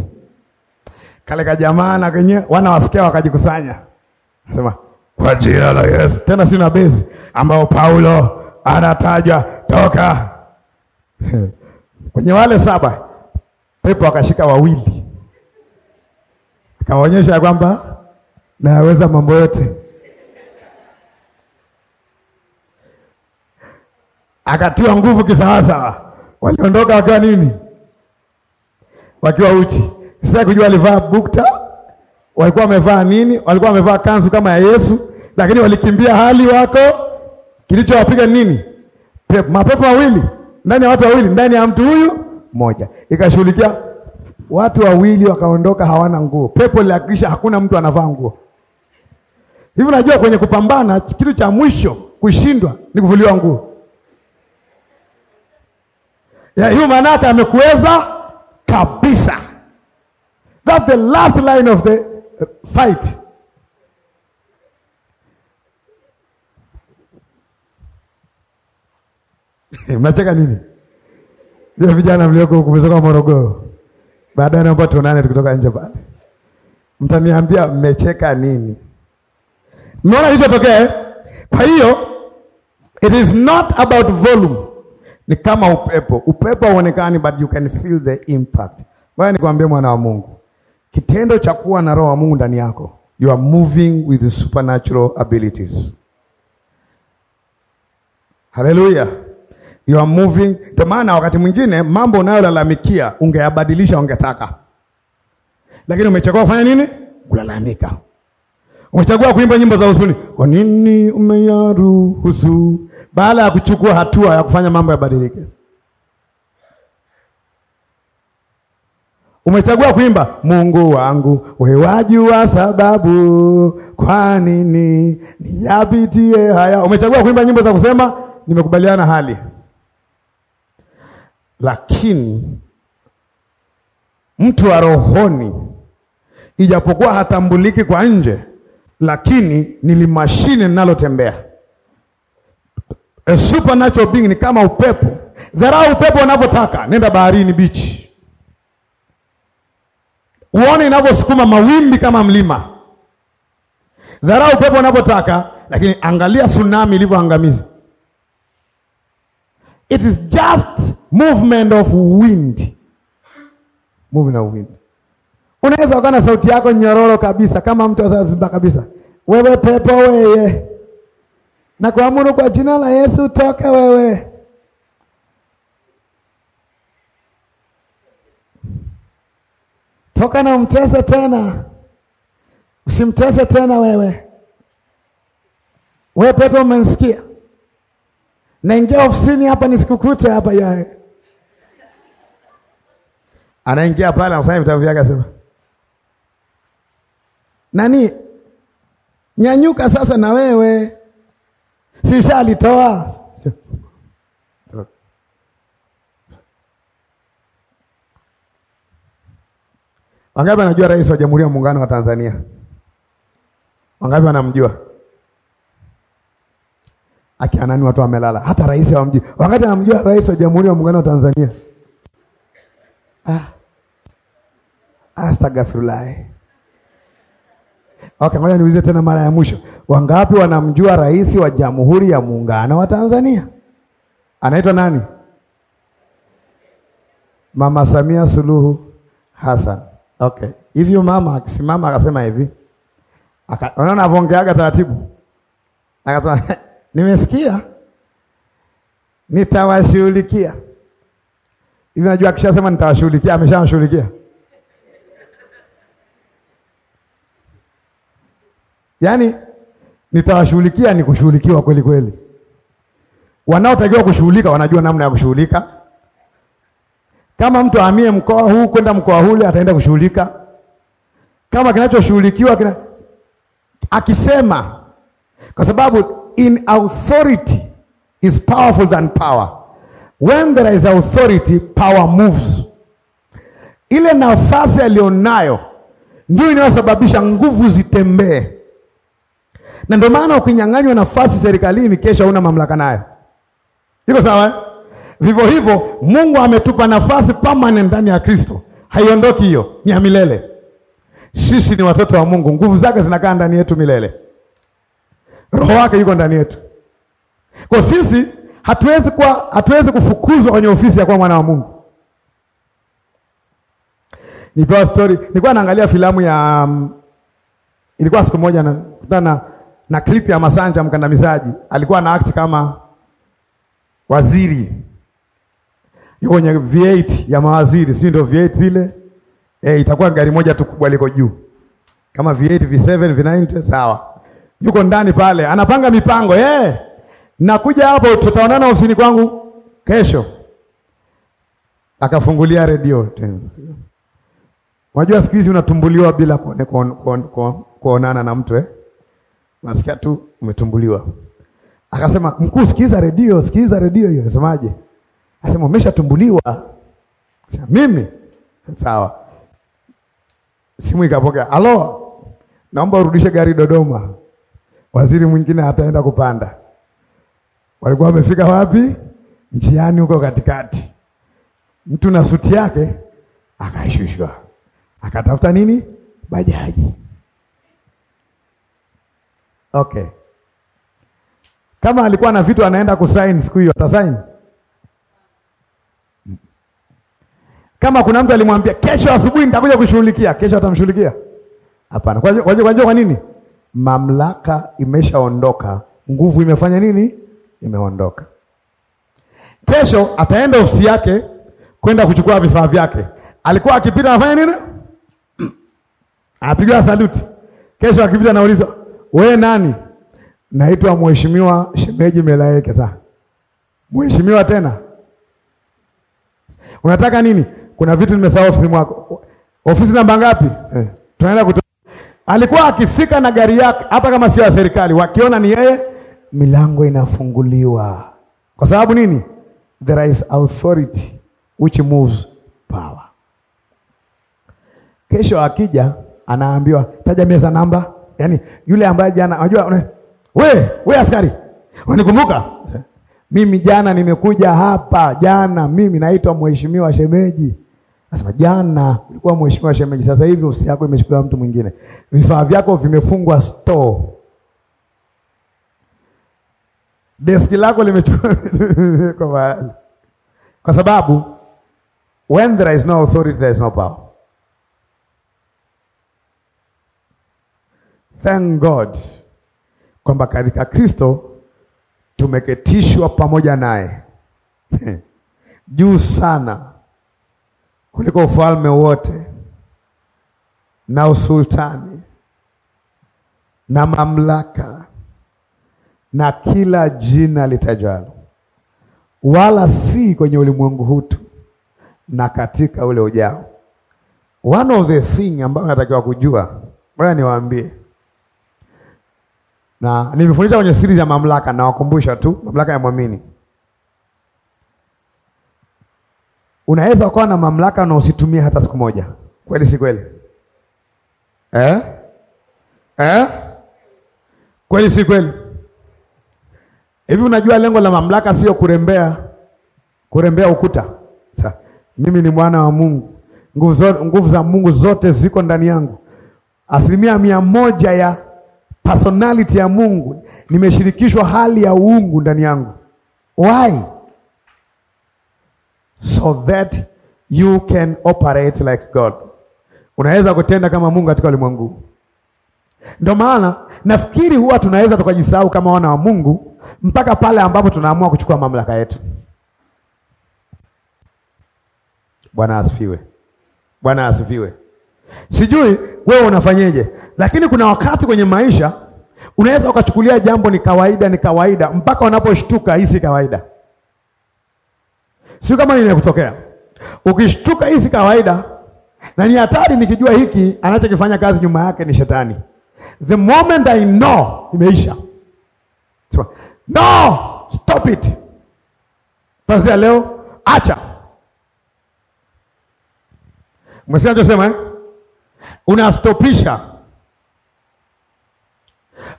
Kale kajamaa na kwenye wana wasikia wakajikusanya, sema kwa jina la Yesu, tena sina bezi ambao Paulo anatajwa toka kwenye wale saba. Pepo akashika wawili, akawaonyesha kwamba nayaweza mambo yote, akatiwa nguvu kisawasawa waliondoka wakiwa nini? Wakiwa uchi. Sasa kujua walivaa bukta, walikuwa wamevaa nini? Walikuwa wamevaa kanzu kama ya Yesu, lakini walikimbia hali wako kilichowapiga nini? Pepo, mapepo mawili ndani ya watu wawili, ndani ya mtu huyu mmoja, ikashughulikia watu wawili, wakaondoka hawana nguo. Pepo lilihakikisha hakuna mtu anavaa nguo. Hivi unajua kwenye kupambana, kitu cha mwisho kushindwa ni kuvuliwa nguo hiyo maana yake amekuweza kabisa. That's the last line of the uh, fight. Eh, mnacheka nini? Ndio vijana mlioko huku kutoka Morogoro. Baadaye naomba tuonane tukitoka nje pale. Mtaniambia mmecheka nini? Mnaona kilichotokea? Eh? Kwa hiyo it is not about volume ni kama upepo. Upepo hauonekani but you can feel the impact. Bwana, nikwambie mwana wa Mungu, kitendo cha kuwa na roho wa Mungu ndani yako, you are moving with supernatural abilities. Haleluya, you are moving. Ndio maana wakati mwingine mambo unayolalamikia ungeyabadilisha ungetaka, lakini umechoka kufanya nini? Kulalamika. Umechagua kuimba nyimbo za huzuni. Kwa nini umeyaruhusu? Baada ya kuchukua hatua ya kufanya mambo yabadilike. Umechagua kuimba Mungu wangu, wewe wajua sababu kwa nini niyapitie haya. Umechagua kuimba nyimbo za kusema nimekubaliana hali, lakini mtu wa rohoni, ijapokuwa hatambuliki kwa nje, lakini nili mashine ninalotembea. A supernatural being ni kama upepo. Dharau upepo unavyotaka, nenda baharini bichi, uone inavyosukuma mawimbi kama mlima. Dharau upepo unavyotaka, lakini angalia tsunami ilivyoangamiza. It is just movement of wind, moving of wind Unaweza ukawa na sauti yako nyororo kabisa kama mtu Zanzibar kabisa, wewe pepo weye, na kuamuru kwa jina la Yesu toke wewe. Toka na umtese tena, usimtese tena wewe. Wewe pepo, umenisikia? Naingia ofisini hapa nisikukute hapa yae. Anaingia pale, anakusanya vitabu vyake, asema nani, nyanyuka sasa na wewe, alitoa Wangapi wanajua rais wa Jamhuri ya Muungano wa Tanzania? Wangapi wanamjua? Akina nani watu wamelala? Hata rais hawamjui. Wangapi wanamjua rais wa Jamhuri ya Muungano wa Tanzania? Ah. Astagfirullah. Okay, ngoja niulize tena mara ya mwisho. Wangapi wanamjua rais wa Jamhuri ya Muungano wa Tanzania? Anaitwa nani? Mama Samia Suluhu Hassan. Okay. Hivyo mama akisimama akasema hivi. Unaona avongeaga taratibu. Akasema nimesikia. Nitawashughulikia. Hivi najua akishasema nitawashughulikia, ameshawashughulikia. Yaani nitawashughulikia ni kushughulikiwa kweli kweli. Wanaotakiwa kushughulika wanajua namna ya kushughulika. Kama mtu ahamie mkoa huu kwenda mkoa ule ataenda kushughulika. Kama kinachoshughulikiwa kina akisema kwa sababu in authority is powerful than power. When there is authority, power moves. Ile nafasi aliyonayo ndio inayosababisha nguvu zitembee na ndio maana ukinyang'anywa nafasi serikalini, kesho hauna mamlaka nayo. Iko sawa? Eh? Vivyo hivyo Mungu ametupa nafasi permanent ndani ya Kristo, haiondoki hiyo, ni ya milele. Sisi ni watoto wa Mungu, nguvu zake zinakaa ndani yetu milele, roho wake yuko ndani yetu. Kwa sisi hatuwezi kuwa, hatuwezi kufukuzwa kwenye ofisi ya kuwa mwana wa Mungu. Nipewa story, nilikuwa naangalia filamu ya um, ilikuwa siku moja nakutana na klipu ya Masanja mkandamizaji, alikuwa ana act kama waziri, yuko kwenye V8 ya mawaziri, sio ndio V8 zile eh, itakuwa gari moja tu kubwa liko juu kama V8, V7, V9, sawa. Yuko ndani pale anapanga mipango eh, nakuja hapo, tutaonana ofisini kwangu kesho. Akafungulia redio Unajua siku hizi unatumbuliwa bila kuonana na mtu eh? Nasikia tu umetumbuliwa. Akasema, mkuu, sikiliza redio, sikiliza redio hiyo. semaje Asema umeshatumbuliwa. Mimi sawa. Simu ikapokea. Alo, naomba urudishe gari Dodoma. Waziri mwingine ataenda kupanda. Walikuwa wamefika wapi? Njiani huko katikati, mtu na suti yake akashushwa, akatafuta nini, bajaji. Okay. Kama alikuwa na vitu anaenda kusaini siku hiyo atasign. Kama kuna mtu alimwambia kesho asubuhi nitakuja kushughulikia, kesho atamshughulikia? Hapana. Kwajua kwa nini? Mamlaka imeshaondoka, nguvu imefanya nini? Imeondoka. Kesho ataenda ofisi yake kwenda kuchukua vifaa vyake. Alikuwa akipita anafanya nini? Apigwa saluti. Kesho akipita anaulizwa wewe nani? Naitwa mheshimiwa shemeji Melaeke. Sasa mheshimiwa tena unataka nini? Kuna vitu nimesahau ofisi mwako. Ofisi namba ngapi? Eh, tunaenda kutoka. Alikuwa akifika na gari yake, hata kama sio ya serikali, wakiona ni yeye, milango inafunguliwa. Kwa sababu nini? There is authority which moves power. Kesho akija anaambiwa, taja meza namba Yaani yule ambaye jana unajua we, we askari unikumbuka mimi jana nimekuja hapa jana, mimi naitwa mheshimiwa shemeji. Nasema jana ulikuwa mheshimiwa shemeji, sasa hivi ofisi yako imechukuliwa mtu mwingine, vifaa vyako vimefungwa store, deski lako limechukua kwa sababu when there is no authority there is no power. Thank God kwamba katika Kristo tumeketishwa pamoja naye juu sana kuliko ufalme wote na usultani na mamlaka na kila jina litajwalo, wala si kwenye ulimwengu huu tu, na katika ule ujao. One of the thing ambayo natakiwa kujua, baya niwaambie na nimefundisha kwenye siri za mamlaka, nawakumbusha tu mamlaka ya mwamini. Unaweza ukawa na mamlaka na usitumie hata siku moja, kweli si kweli eh? Eh? Kweli si kweli? Hivi unajua lengo la mamlaka sio kurembea, kurembea ukuta. Sa, mimi ni mwana wa Mungu, nguvu nguvu za Mungu zote ziko ndani yangu, asilimia mia moja ya personality ya Mungu, nimeshirikishwa hali ya uungu ndani yangu. Why? So that you can operate like God. Unaweza kutenda kama Mungu katika ulimwengu. Ndio maana nafikiri huwa tunaweza tukajisahau kama wana wa Mungu mpaka pale ambapo tunaamua kuchukua mamlaka yetu. Bwana asifiwe. Bwana asifiwe. Sijui wewe unafanyeje, lakini kuna wakati kwenye maisha unaweza ukachukulia jambo ni kawaida, ni kawaida mpaka unaposhtuka, hii si kawaida. Sio kama kutokea, ukishtuka, hii si kawaida na ni hatari. Nikijua hiki anachokifanya kazi nyuma yake ni shetani, the moment I know imeisha. No, stop it, kwanzia leo acha anachosema eh? unastopisha.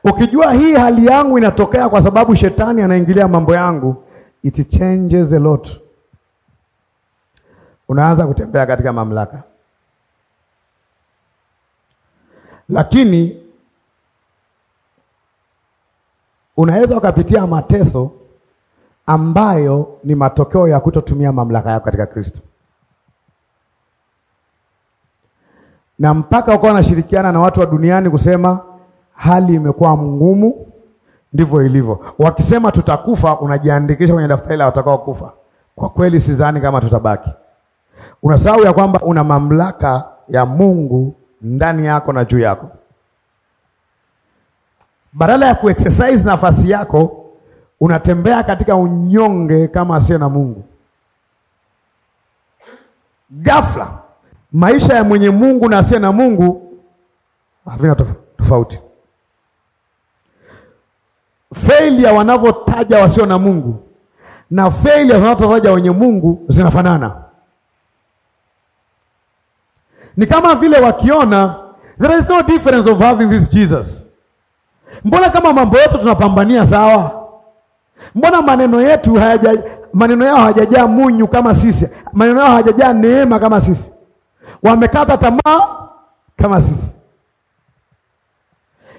Ukijua hii hali yangu inatokea kwa sababu shetani anaingilia mambo yangu, it changes a lot. Unaanza kutembea katika mamlaka, lakini unaweza ukapitia mateso ambayo ni matokeo ya kutotumia mamlaka yako katika Kristo. na mpaka ukawa wanashirikiana na watu wa duniani kusema hali imekuwa ngumu. Ndivyo ilivyo, wakisema tutakufa, unajiandikisha kwenye daftari la watakao kufa. Kwa kweli sidhani kama tutabaki. Unasahau ya kwamba una mamlaka ya Mungu ndani yako na juu yako. Badala ya kuexercise nafasi yako, unatembea katika unyonge kama asiye na Mungu. Ghafla Maisha ya mwenye Mungu na asiye na Mungu havina tofauti. Failure wanavyotaja wasio na Mungu na failure wanavyotaja wenye Mungu zinafanana. Ni kama vile wakiona there is no difference of having this Jesus. Mbona kama mambo yetu tunapambania sawa? Mbona maneno yetu hayaja, maneno yao hayajajaa munyu kama sisi, maneno yao hawajajaa neema kama sisi. Wamekata tamaa kama sisi.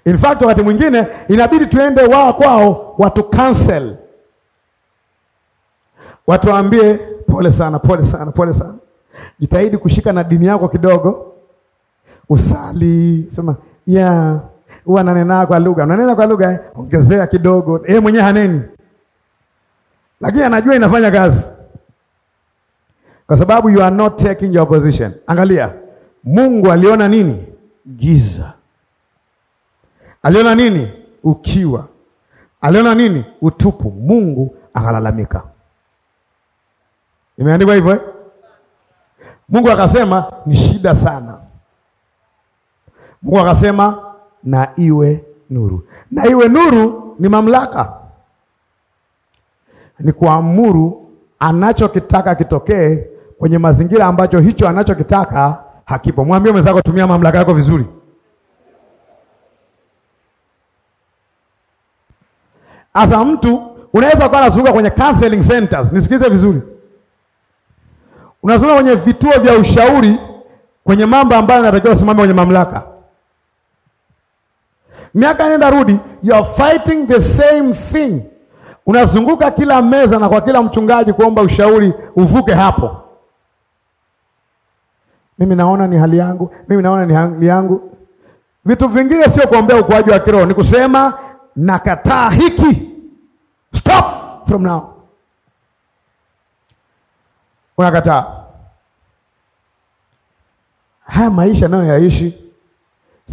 In fact, wakati mwingine inabidi tuende wao kwao, watu cancel, waambie pole sana, pole sana, pole sana. Jitahidi kushika na dini yako kidogo, usali, sema yeah, huwa nanena kwa lugha, Unanena kwa lugha, eh? ongezea kidogo. Yeye mwenyewe haneni, lakini anajua inafanya kazi kwa sababu you are not taking your position. Angalia, Mungu aliona nini? Giza. Aliona nini? Ukiwa. Aliona nini? Utupu. Mungu akalalamika. Imeandikwa hivyo eh? Mungu akasema ni shida sana. Mungu akasema na iwe nuru. Na iwe nuru ni mamlaka, ni kuamuru anachokitaka kitokee kwenye mazingira ambacho hicho anachokitaka hakipo. Mwambie mwenzako, tumia mamlaka yako vizuri. Asa mtu unaweza kuwa unazunguka kwenye counseling centers, nisikize vizuri, unazunguka kwenye vituo vya ushauri kwenye mambo ambayo natakiwa usimame kwenye mamlaka. Miaka nenda rudi, you are fighting the same thing. Unazunguka kila meza na kwa kila mchungaji kuomba ushauri uvuke hapo mimi naona ni hali yangu, mimi naona ni hali yangu. Vitu vingine sio kuombea ukuaji wa kiroho, ni kusema nakataa hiki, stop from now. Unakataa haya maisha nayo yaishi,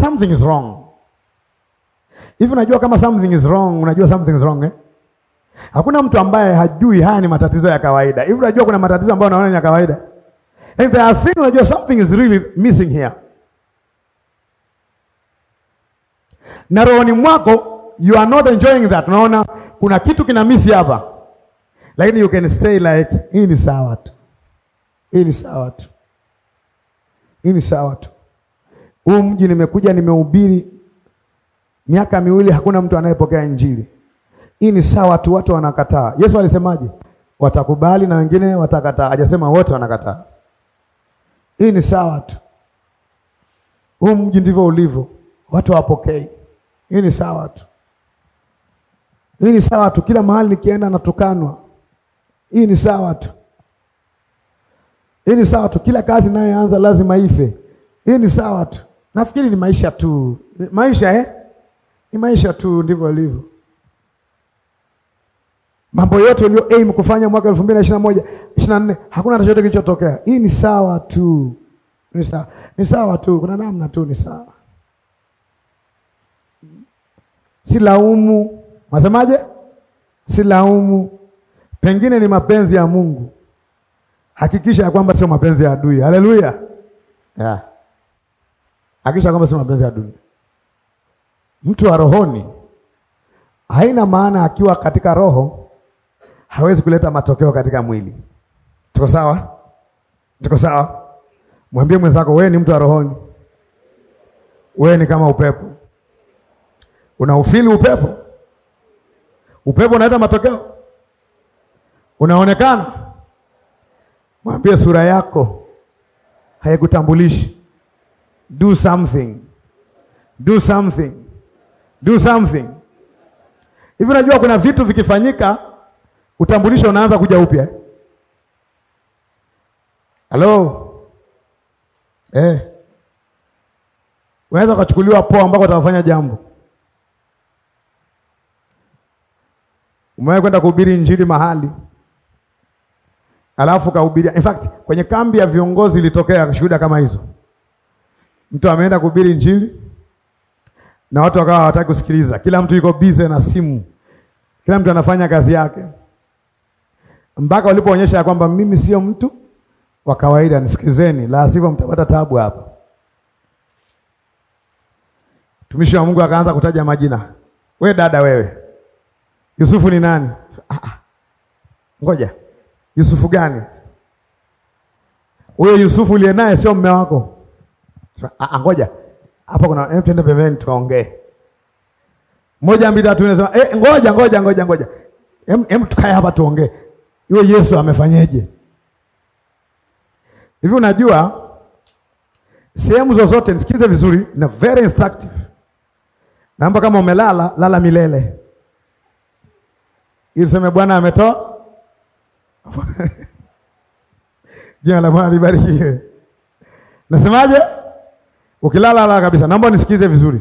something is wrong. Hivi unajua kama something is wrong, unajua something is wrong eh? Hakuna mtu ambaye hajui haya ni matatizo ya kawaida. Hivi unajua kuna matatizo ambayo unaona ni ya kawaida And there are things that something is really missing here. Na rohoni mwako you are not enjoying that. Unaona kuna kitu kina miss hapa. Lakini you can stay like hii ni sawa tu. Hii ni sawa tu. Hii ni sawa tu. Huu mji nimekuja, nimehubiri miaka miwili, hakuna mtu anayepokea Injili. Hii ni sawa tu, watu wanakataa. Yesu alisemaje? Watakubali na wengine watakataa. Hajasema wote wanakataa. Hii ni sawa tu, huu mji ndivyo ulivyo, watu wapokei. Hii ni sawa tu, hii ni sawa tu, kila mahali nikienda natukanwa. Hii ni sawa tu, hii ni sawa tu, kila kazi inayoanza lazima ife. Hii ni sawa tu. Nafikiri ni maisha tu, maisha eh? Ni maisha tu, ndivyo alivyo. Mambo yote ulio aim kufanya mwaka elfu mbili na ishirini na moja ishirini na nne hakuna chochote kilichotokea. Hii ni sawa tu, ni sawa, ni sawa tu, kuna namna tu, ni sawa. Si laumu, nasemaje? Si laumu, pengine ni mapenzi ya Mungu. Hakikisha ya kwamba sio mapenzi ya adui. Haleluya, yeah. Hakikisha ya kwamba sio mapenzi ya adui. Mtu wa rohoni haina maana akiwa katika roho hawezi kuleta matokeo katika mwili. Tuko sawa? Tuko sawa? Mwambie mwenzako, wewe ni mtu wa rohoni, wewe ni kama upepo, unaufili upepo. Upepo unaleta matokeo, unaonekana. Mwambie sura yako haikutambulishi. Do something, do something, do something. Hivi unajua kuna vitu vikifanyika utambulisho unaanza kuja upya. Halo eh? eh, unaweza ukachukuliwa poa ambako utafanya jambo. Umewahi kwenda kuhubiri injili mahali alafu kahubiria. In fact kwenye kambi ya viongozi ilitokea shuhuda kama hizo, mtu ameenda kuhubiri injili na watu wakawa hawataki kusikiliza, kila mtu yuko busy na simu, kila mtu anafanya kazi yake mpaka ulipoonyesha ya kwamba mimi sio mtu wa kawaida, nisikizeni, la sivyo mtapata taabu hapa. Mtumishi wa Mungu akaanza kutaja majina, we dada, wewe Yusufu ni nani? Ah, ah, ngoja Yusufu gani huyo? Yusufu uliye naye sio mme wako? Ah, ah ngoja hapa kuna, twende pembeni tuongee moja mbili tatu, nasema eh, ngoja ngoja ngoja ngoja, hem tukae hapa tuongee. Yule Yesu amefanyeje? Hivi unajua sehemu zozote, nisikize vizuri, na very instructive. Naomba kama umelala lala milele, ili tuseme Bwana ametoa. Jina la Bwana libarikiwe. Nasemaje? Ukilala lala kabisa. Naomba nisikize vizuri.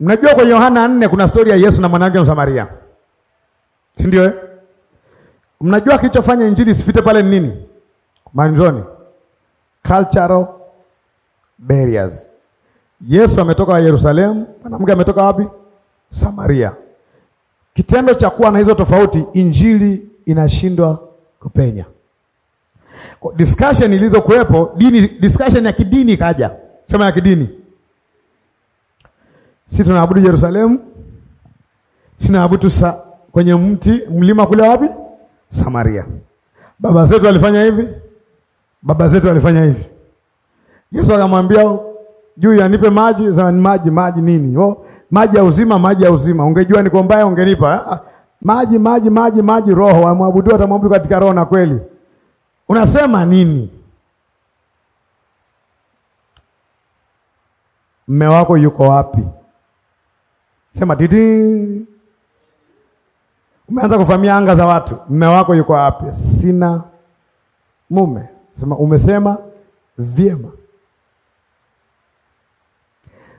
Mnajua kwa Yohana nne kuna stori ya Yesu na mwanamke Msamaria, si ndio? Eh? Mnajua kilichofanya injili isipite pale ni nini? Manzoni, cultural barriers. Yesu ametoka Yerusalemu, mwanamke ametoka wapi? Samaria. Kitendo cha kuwa na hizo tofauti, injili inashindwa kupenya. Discussion ilizokuwepo dini, discussion ya kidini kaja, sema ya kidini. Sisi tunaabudu Yerusalemu, sinaabudu kwenye mti mlima kule wapi? Samaria. Baba zetu alifanya hivi, baba zetu alifanya hivi. Yesu akamwambia juu ya nipe maji, sema ni maji, maji nini? Oh, maji ya uzima, maji ya uzima. Ungejua niko mbaya ungenipa. Ah, ah. Maji, maji, maji, maji roho, amwabudu atamwabudu katika roho na kweli. Unasema nini? Mme wako yuko wapi? Sema didi Umeanza kuvamia anga za watu. mme wako yuko wapi? Sina mume. Sema umesema vyema.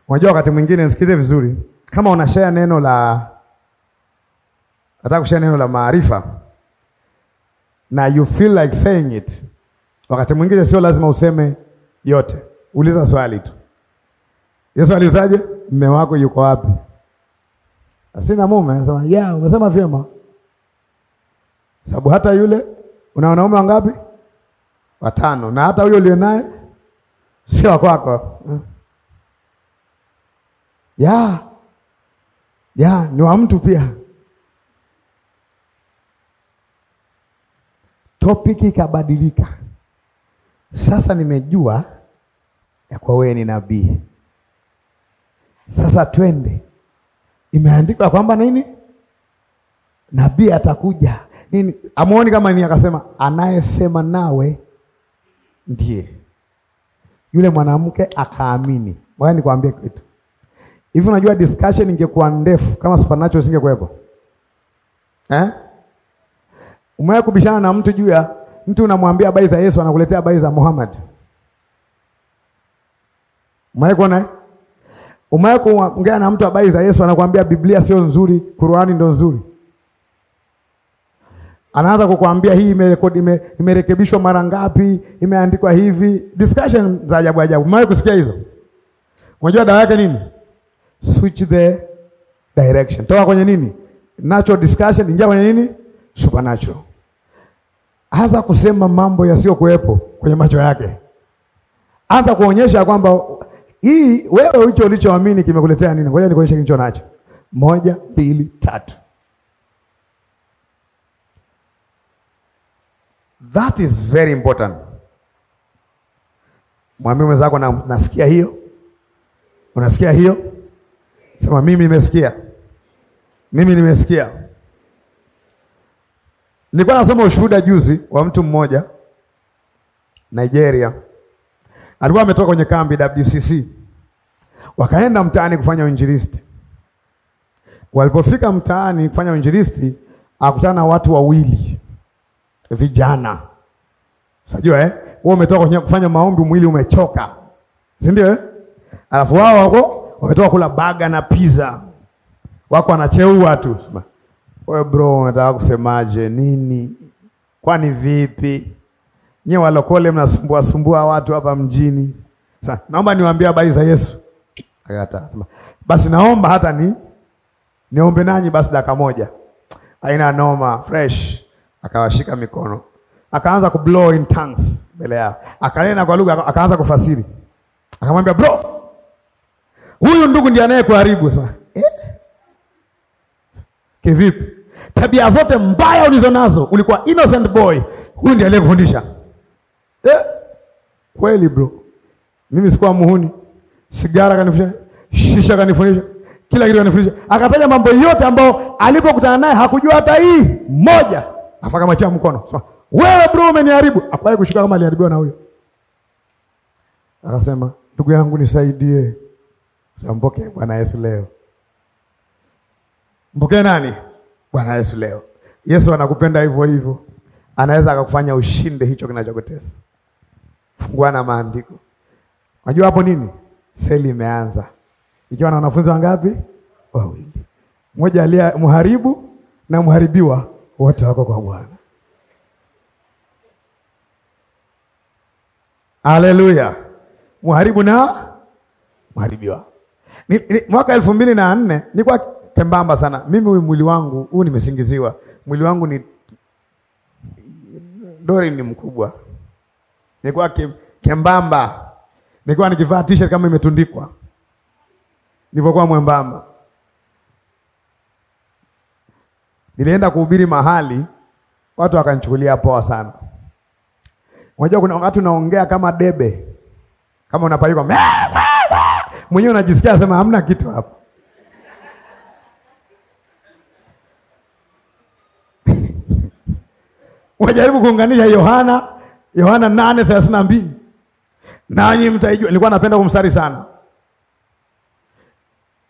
Unajua wakati mwingine nisikize vizuri. Kama unashare neno la nataka kushare neno la maarifa na you feel like saying it. Wakati mwingine sio lazima useme yote. Uliza swali tu. Yesu aliuzaje? Mume wako yuko wapi? Sina mume. Anasema, yeah, umesema vyema." sababu hata yule una wanaume wangapi? Watano, na hata huyo ulio naye sio wakwako hmm. ya ya ni wa mtu pia. Topiki ikabadilika. Sasa nimejua ya kwa wewe ni nabii. Sasa twende, imeandikwa kwamba nini, nabii atakuja nini, amuoni kama ni Akasema anayesema nawe ndiye yule mwanamke akaamini. Wacha nikwambie kitu hivi, unajua discussion ingekuwa ndefu kama supernatural singekuwepo eh? Umewahi kubishana na mtu juu ya mtu, unamwambia habari za Yesu anakuletea habari za Muhammad. Umewahi kuona? Eh? Umewahi kuongea na mtu habari za Yesu anakuambia Biblia sio nzuri, Qur'ani ndio nzuri anaanza kukuambia hii imerekodi, imerekebishwa mara ngapi, imeandikwa hivi, discussion za ajabu ajabu. Mwae kusikia hizo? Unajua dawa yake nini? Switch the direction, toka kwenye nini, natural discussion, ingia kwenye nini, supernatural. Anza kusema mambo yasiyokuwepo kwenye macho yake, anza kuonyesha kwamba hii wewe, hicho ulichoamini kimekuletea nini. Ngoja nikuonyeshe kilicho nacho. Moja, mbili, tatu. That is very important. Mwambie mwenzako na, nasikia hiyo, unasikia hiyo, sema mimi nimesikia, mimi nimesikia. Nilikuwa nasoma ushuhuda juzi wa mtu mmoja Nigeria, alikuwa ametoka kwenye kambi WCC, wakaenda mtaani kufanya uinjilisti. Walipofika mtaani kufanya uinjilisti, akutana na watu wawili vijana. Unajua eh? Wewe umetoka kwenye kufanya maombi mwili umechoka. Si ndio eh? Alafu wao wako wametoka kula baga na pizza. Wako wanacheua tu. Wewe bro, unataka kusemaje nini? Kwani vipi? Nyewe walokole mnasumbua sumbua watu hapa mjini. Sasa naomba niwaambie habari za Yesu. Akata. Basi naomba hata ni niombe nanyi basi dakika moja. Aina noma fresh akawashika mikono, akaanza ku blow in tongues mbele yao, akanena kwa lugha, akaanza kufasiri, akamwambia bro, huyu ndugu ndiye anayekuharibu sasa. Eh? Kivipi? tabia zote mbaya ulizonazo, ulikuwa innocent boy, huyu ndiye aliyekufundisha eh? Kweli bro, mimi sikuwa muhuni, sigara kanifundisha, shisha kanifundisha, kila kitu kanifundisha. Akataja mambo yote ambayo alipokutana naye hakujua hata hii moja. Afaka machia mkono. So, wewe bro umeniharibu. Hakuwahi kushika kama aliharibiwa na huyo. Akasema, ndugu yangu nisaidie. Sampokee Bwana Yesu leo. Mpokee nani? Bwana Yesu leo. Yesu anakupenda hivyo hivyo. Anaweza akakufanya ushinde hicho kinachokutesa. Fungua na maandiko. Unajua hapo nini? Seli imeanza. Ikiwa na wanafunzi wangapi? Wawili. Mmoja aliye mharibu na mharibiwa wote wako kwa Bwana. aleluya mwharibu na mwharibiwa Mwaka elfu mbili na nne nikuwa tembamba sana mimi. Huyu mwili wangu huu nimesingiziwa, mwili wangu ni dori, ni mkubwa. nikuwa kembamba, nilikuwa nikivaa t-shirt kama imetundikwa, nilivyokuwa mwembamba Nilienda kuhubiri mahali watu wakanichukulia poa sana. Unajua kuna wakati unaongea kama debe, kama unapayuka mwenyewe unajisikia sema hamna kitu hapo. Unajaribu kuunganisha Yohana Yohana 8:32 nanyi mtaijua. Nilikuwa napenda kumsari sana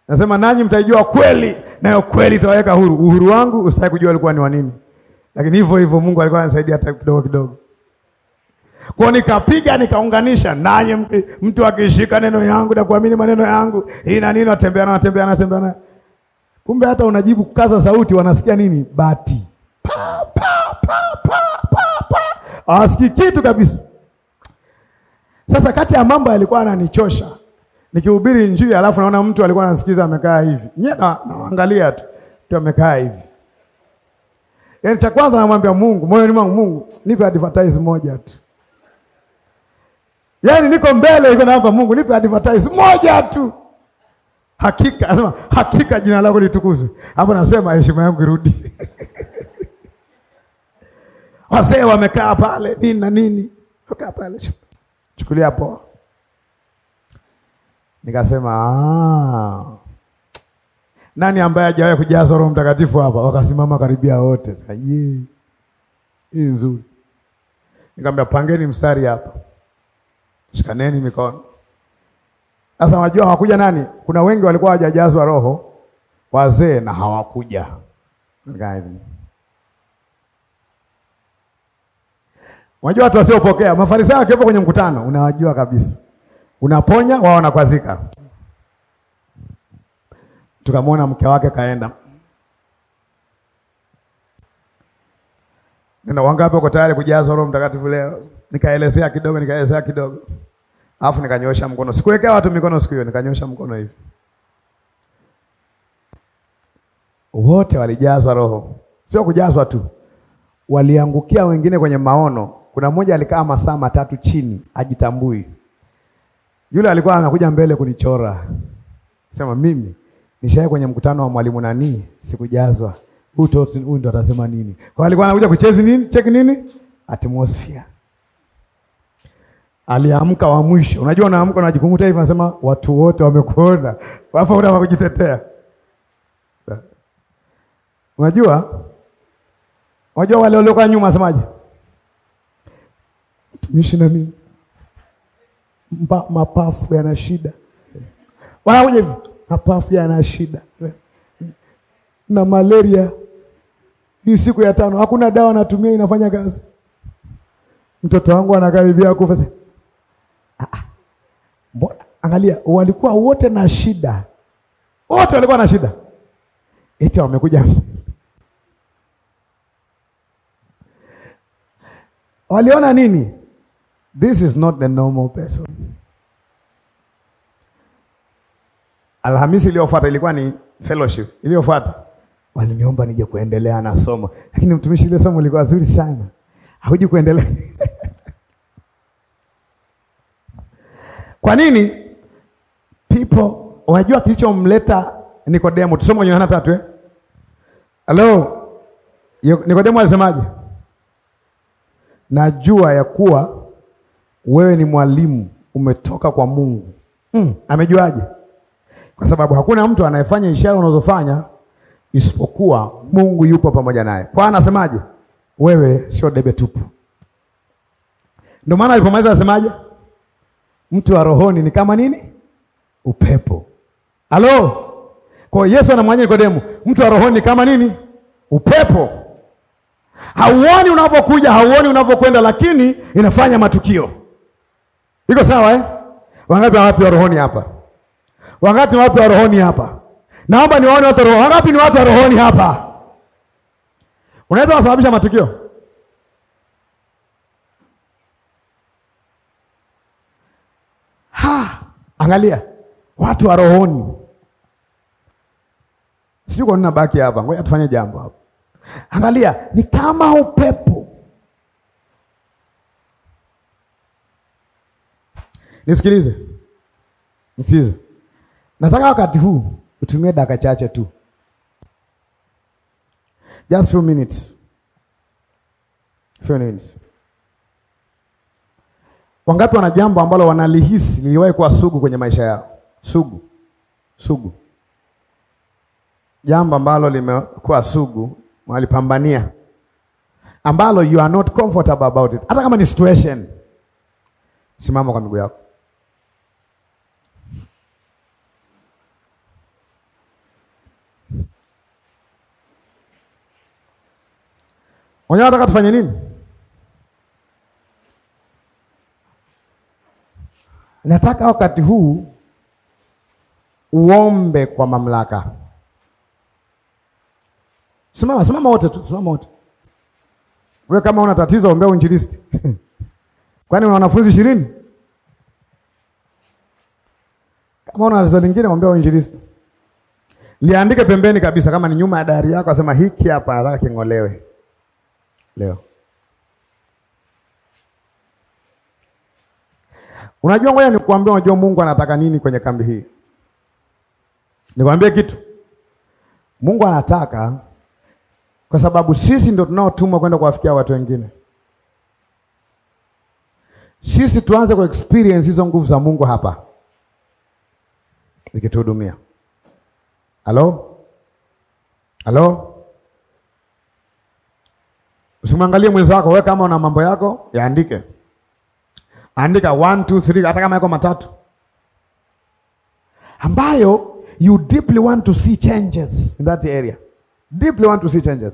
Nasema nanyi mtaijua kweli, nayo kweli itawaweka huru. Uhuru wangu usitaki kujua alikuwa ni wa nini, lakini hivyo hivyo Mungu alikuwa anisaidia hata kidogo kidogo. Kwa nikapiga nikaunganisha, nanyi mtu akishika neno yangu na kuamini maneno yangu, hii na nini, watembeana watembeana watembeana. Kumbe hata unajibu kukaza sauti, wanasikia nini? Bati pa, pa, pa, pa, pa, pa. Hawasikii kitu kabisa. Sasa kati ya mambo yalikuwa ananichosha nikihubiri Injili alafu naona mtu alikuwa anasikiza amekaa hivi, nye ah, naangalia tu tu amekaa hivi. Yaani cha kwanza namwambia Mungu moyoni mwangu, Mungu nipe advertise moja tu. Yaani niko mbele iko naomba Mungu nipe advertise moja tu. Hakika anasema hakika jina lako litukuzwe. Hapo nasema heshima yangu irudi. Wazee wamekaa pale nini na nini, wakaa pale, chukulia poa Nikasema ah. nani ambaye hajawahi kujazwa Roho Mtakatifu hapa? Wakasimama karibia wote. Hii nzuri. Nikamwambia pangeni mstari hapa, shikaneni mikono. Sasa wajua hawakuja nani? Kuna wengi walikuwa hawajajazwa Roho, wazee na hawakuja. Wajua watu wasiopokea, Mafarisayo akiwepo kwenye mkutano, unawajua kabisa unaponya, wao wanakwazika. Tukamwona mke wake kaenda. Nina wangapi uko tayari kujazwa Roho Mtakatifu leo? Nikaelezea kidogo, nikaelezea kidogo, alafu nikanyosha mkono. Sikuwekea watu mikono siku hiyo, nikanyosha mkono hivi, wote walijazwa Roho. Sio kujazwa tu, waliangukia wengine kwenye maono. Kuna mmoja alikaa masaa matatu chini, ajitambui yule alikuwa anakuja mbele kunichora, sema mimi nishae kwenye mkutano wa mwalimu nani, sikujazwa huyu ndo atasema nini. Kwa alikuwa anakuja kuchezi nini, check nini atmosphere. Aliamka wa mwisho, unajua unaamka unajikuta hivi, anasema watu wote wamekuona, wapo una wakujitetea. Unajua, unajua wale waliokuwa nyuma asemaje mtumishi na mimi mba, mapafu yana shida, wanakuja hivi, mapafu yana shida na malaria. ni siku ya tano hakuna dawa natumia inafanya kazi, mtoto wangu anakaribia kufa. Ah, ah. mbona angalia, walikuwa wote na shida, wote walikuwa na shida, eti wamekuja waliona nini? This is not the normal person. Alhamisi iliyofuata ilikuwa ni fellowship. Iliyofuata waliniomba nije kuendelea na somo, lakini mtumishi, ile somo ilikuwa zuri sana, hauji kuendelea kwa nini? People wajua kilichomleta Nikodemo, tusome Yohana tatu eh? Hello. Nikodemo alisemaje? Najua ya kuwa wewe ni mwalimu umetoka kwa Mungu. Mm, amejuaje? Kwa sababu hakuna mtu anayefanya ishara unazofanya isipokuwa Mungu yupo pamoja naye. Kwa anasemaje? Wewe sio debe tupu. Ndio maana alipomaliza anasemaje? Mtu wa rohoni ni kama nini? Upepo. Halo? Kwa Yesu anamwambia Nikodemu, mtu wa rohoni ni kama nini? Upepo. Hauoni unavyokuja, hauoni unavyokwenda, lakini inafanya matukio. Iko sawa eh? Wangapi wapi wa rohoni hapa? Wangapi wapi wa rohoni hapa? Naomba niwaone watu roho. Wangapi ni watu wa rohoni hapa? Unaweza kusababisha matukio. Ha, angalia. Watu wa rohoni. Sijui kwa nini nabaki hapa. Ngoja tufanye jambo hapa. Angalia, ni kama upepo Nisikilize, nisikilize, nataka wakati huu utumie dakika chache tu, just few minutes, few minutes. Wangapi wana jambo ambalo wanalihisi liliwahi kuwa sugu kwenye maisha yao? Sugu, sugu, jambo ambalo limekuwa sugu, walipambania ambalo you are not comfortable about it, hata kama ni situation. Simama kwa miguu yako. Mwenyewe anataka tufanye nini? Nataka wakati huu uombe kwa mamlaka. Simama, simama wote tu, simama wote. Wewe kama una tatizo ombea uinjilisti. Kwani una wanafunzi ishirini? Kama una tatizo lingine ombea uinjilisti. Liandike pembeni kabisa kama ni nyuma ya dari yako, asema hiki hapa, nataka king'olewe leo. Unajua, ngoja nikuambia, unajua Mungu anataka nini kwenye kambi hii? Nikwambie kitu. Mungu anataka kwa sababu sisi ndio tunaotumwa kwenda kuwafikia watu wengine. Sisi tuanze ku experience hizo nguvu za Mungu hapa ikituhudumia. Halo? Halo? Usimwangalie mwenzako wewe, kama una mambo yako yaandike, andika 1 2 3, hata kama yako matatu ambayo you deeply want to see changes in that area, deeply want to see changes,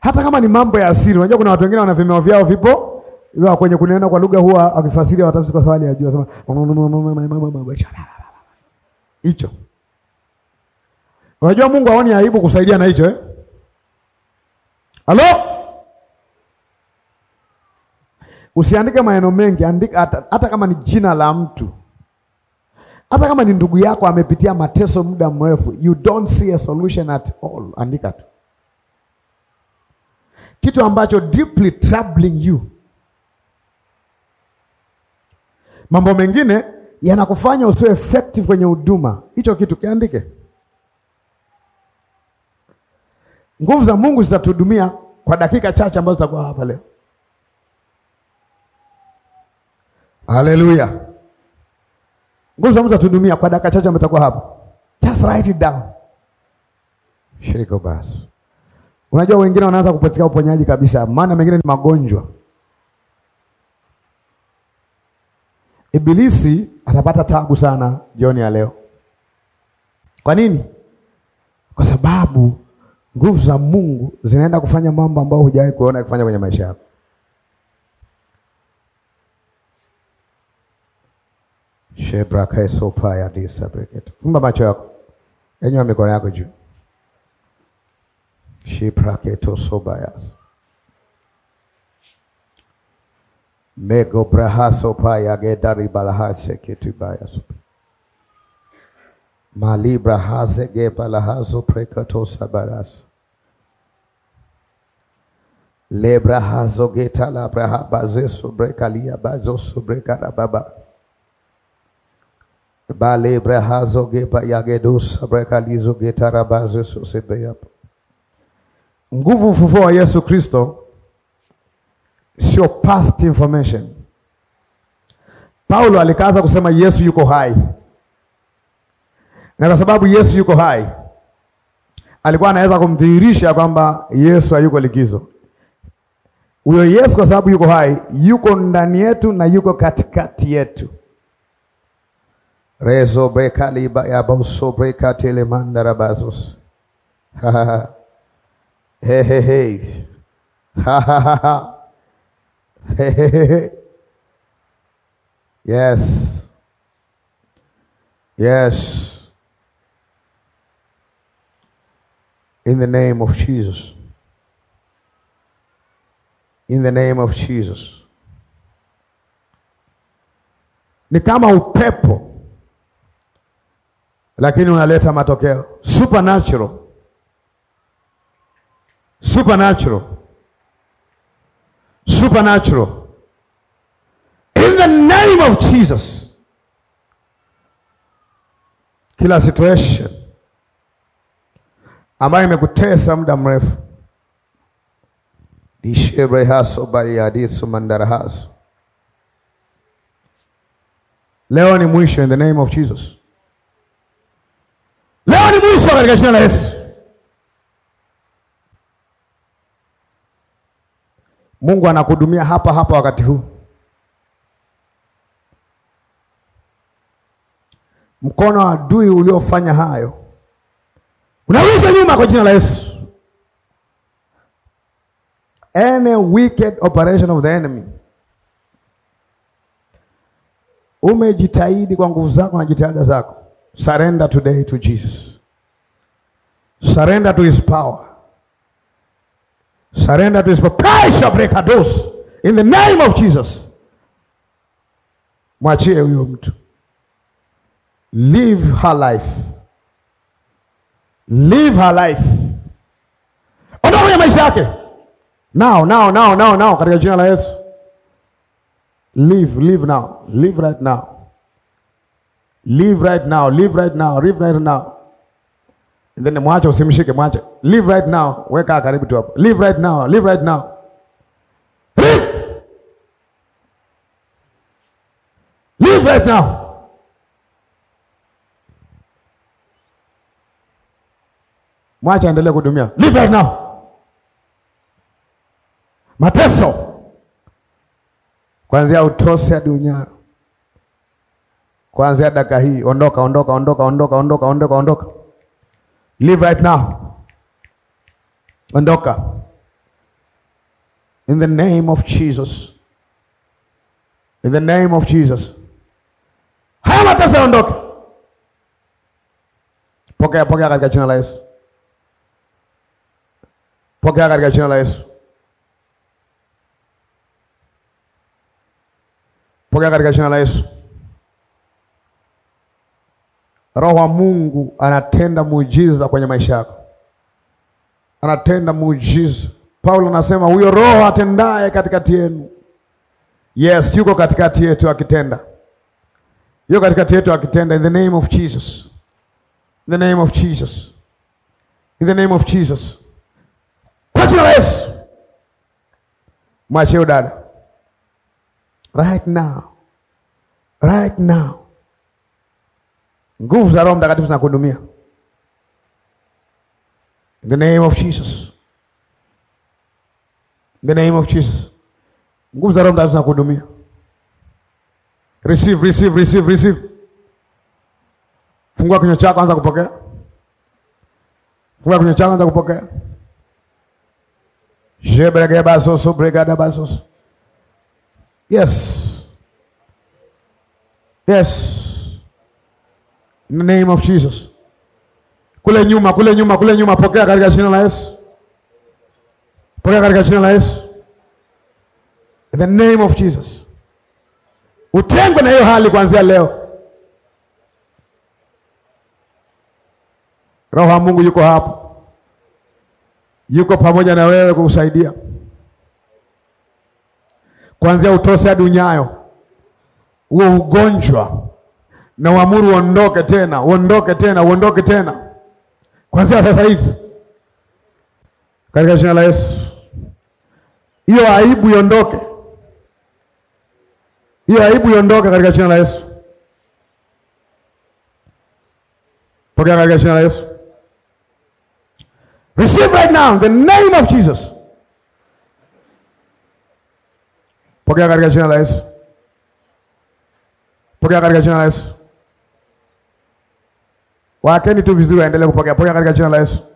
hata kama ni mambo ya asili. Unajua kuna watu wengine wana vimeo vyao vipo Iwa kwenye kunena kwa lugha huwa akifasiri watafsiri kwa swali ajua sema hicho. Unajua Mungu haoni aibu kusaidia na hicho eh? Halo? Usiandike maneno mengi, andika hata kama ni jina la mtu, hata kama ni ndugu yako amepitia mateso muda mrefu, you don't see a solution at all, andika tu kitu ambacho deeply troubling you. Mambo mengine yanakufanya usiwe effective kwenye huduma, hicho kitu kiandike. Nguvu za Mungu zitatuhudumia kwa dakika chache ambazo zitakuwa hapa leo. Haleluya. Nguvu za Mungu zatudumia kwa dakika chache, ametakuwa hapo. Just write it down. Shiko basi. Unajua wengine wanaanza kupatikana uponyaji kabisa, maana mengine ni magonjwa. Ibilisi atapata tabu sana jioni ya leo. Kwa nini? Kwa sababu nguvu za Mungu zinaenda kufanya mambo ambayo hujawahi kuona kufanya kwenye maisha yako. Fumba macho yako, enyoa mikono yako juu. Mego brahaso paya gedari balahase kitu baya supa. Mali brahase ge balahaso prekato sabaras. Le brahaso geta braha bazeso brekalia bazoso brekara baba. Mali brahase ge balahaso prekato sabaras bale brehazo geba yagedusa brekalizo getarabazo sosebeyapo. Nguvu ufufuo wa Yesu Kristo sio past information. Paulo alikaza kusema Yesu yuko hai, na kwa sababu Yesu yuko hai alikuwa anaweza kumdhihirisha kwamba Yesu hayuko likizo. Huyo Yesu kwa sababu yuko hai, yuko ndani yetu na yuko katikati yetu rezo breka liba ya boso breka telemandara bazos hey, hey, hey. yes yes in the name of Jesus in the name of Jesus ni kama upepo lakini unaleta matokeo supernatural. Supernatural. Supernatural. In the name of Jesus. Kila situation ambayo imekutesa muda mrefu disherehaso baliadiso mandarahaso, leo ni mwisho in the name of Jesus hadi mwisho katika jina la Yesu. Mungu anakuhudumia hapa hapa wakati huu. Mkono wa adui uliofanya hayo unaweza nyuma kwa jina la Yesu. Any wicked operation of the enemy, umejitahidi kwa nguvu zako na jitihada zako, surrender today to Jesus. Surrender to his power. Surrender to his power. Prayer shall break her dose In the name of Jesus. Mwachie huyo Live her life. Live her life. Ondoka maisha Now, now, now, now, now la Live, live now. Live right now. Live right now. Live right now. Live right now. then mwache, usimshike, mwache. live right now, weka karibu tu hapo. Live right now, Live right now. Live. right now. Mwache aendelee kudumia Live right now. Mateso kuanzia utose hadi unyayo, kuanzia dakika hii. Ondoka, ondoka, ondoka, ondoka, ondoka, ondoka, ondoka. Leave right now. Ondoka. In the name of Jesus. In the name of Jesus. Haya mateso yaondoke. Pokea, pokea katika jina la Yesu. Pokea katika jina la Yesu. Pokea katika jina la Yesu. Roho wa Mungu anatenda muujiza kwenye maisha yako, anatenda muujiza. Paulo anasema huyo Roho atendaye katikati yenu. Yes, yuko katikati yetu akitenda, yuko katikati yetu akitenda. In the name of Jesus, in the name of Jesus, in the name of Jesus, kwa jina la Yesu. Mwachie dada right now, right now Nguvu za Roho Mtakatifu zinakuhudumia. In the name of Jesus. the name of Jesus. Nguvu za Roho Mtakatifu zinakuhudumia. Receive, receive, receive, receive. Fungua kinywa chako, anza kupokea. Fungua kinywa chako, anza kupokea. Jebrege baso sobregada baso. Yes. Yes. In the name of Jesus. Kule nyuma, kule nyuma, kule nyuma, pokea katika jina la Yesu. Pokea katika jina la Yesu. In the name of Jesus. Utengwe na hiyo hali kuanzia leo. Roho wa Mungu yuko hapo, yuko pamoja na wewe kukusaidia kuanzia utose hadi unyayo, huo ugonjwa na uamuru uondoke tena, uondoke tena, uondoke tena kwanzia sasa hivi katika jina la Yesu. Hiyo aibu iondoke, hiyo aibu iondoke katika jina la Yesu. Pokea katika jina la Yesu. Receive right now the name of Jesus. Pokea katika jina la Yesu. Pokea katika jina la Yesu. Wakeni tu vizuri, waendelee kupokea pokea katika jina la Yesu.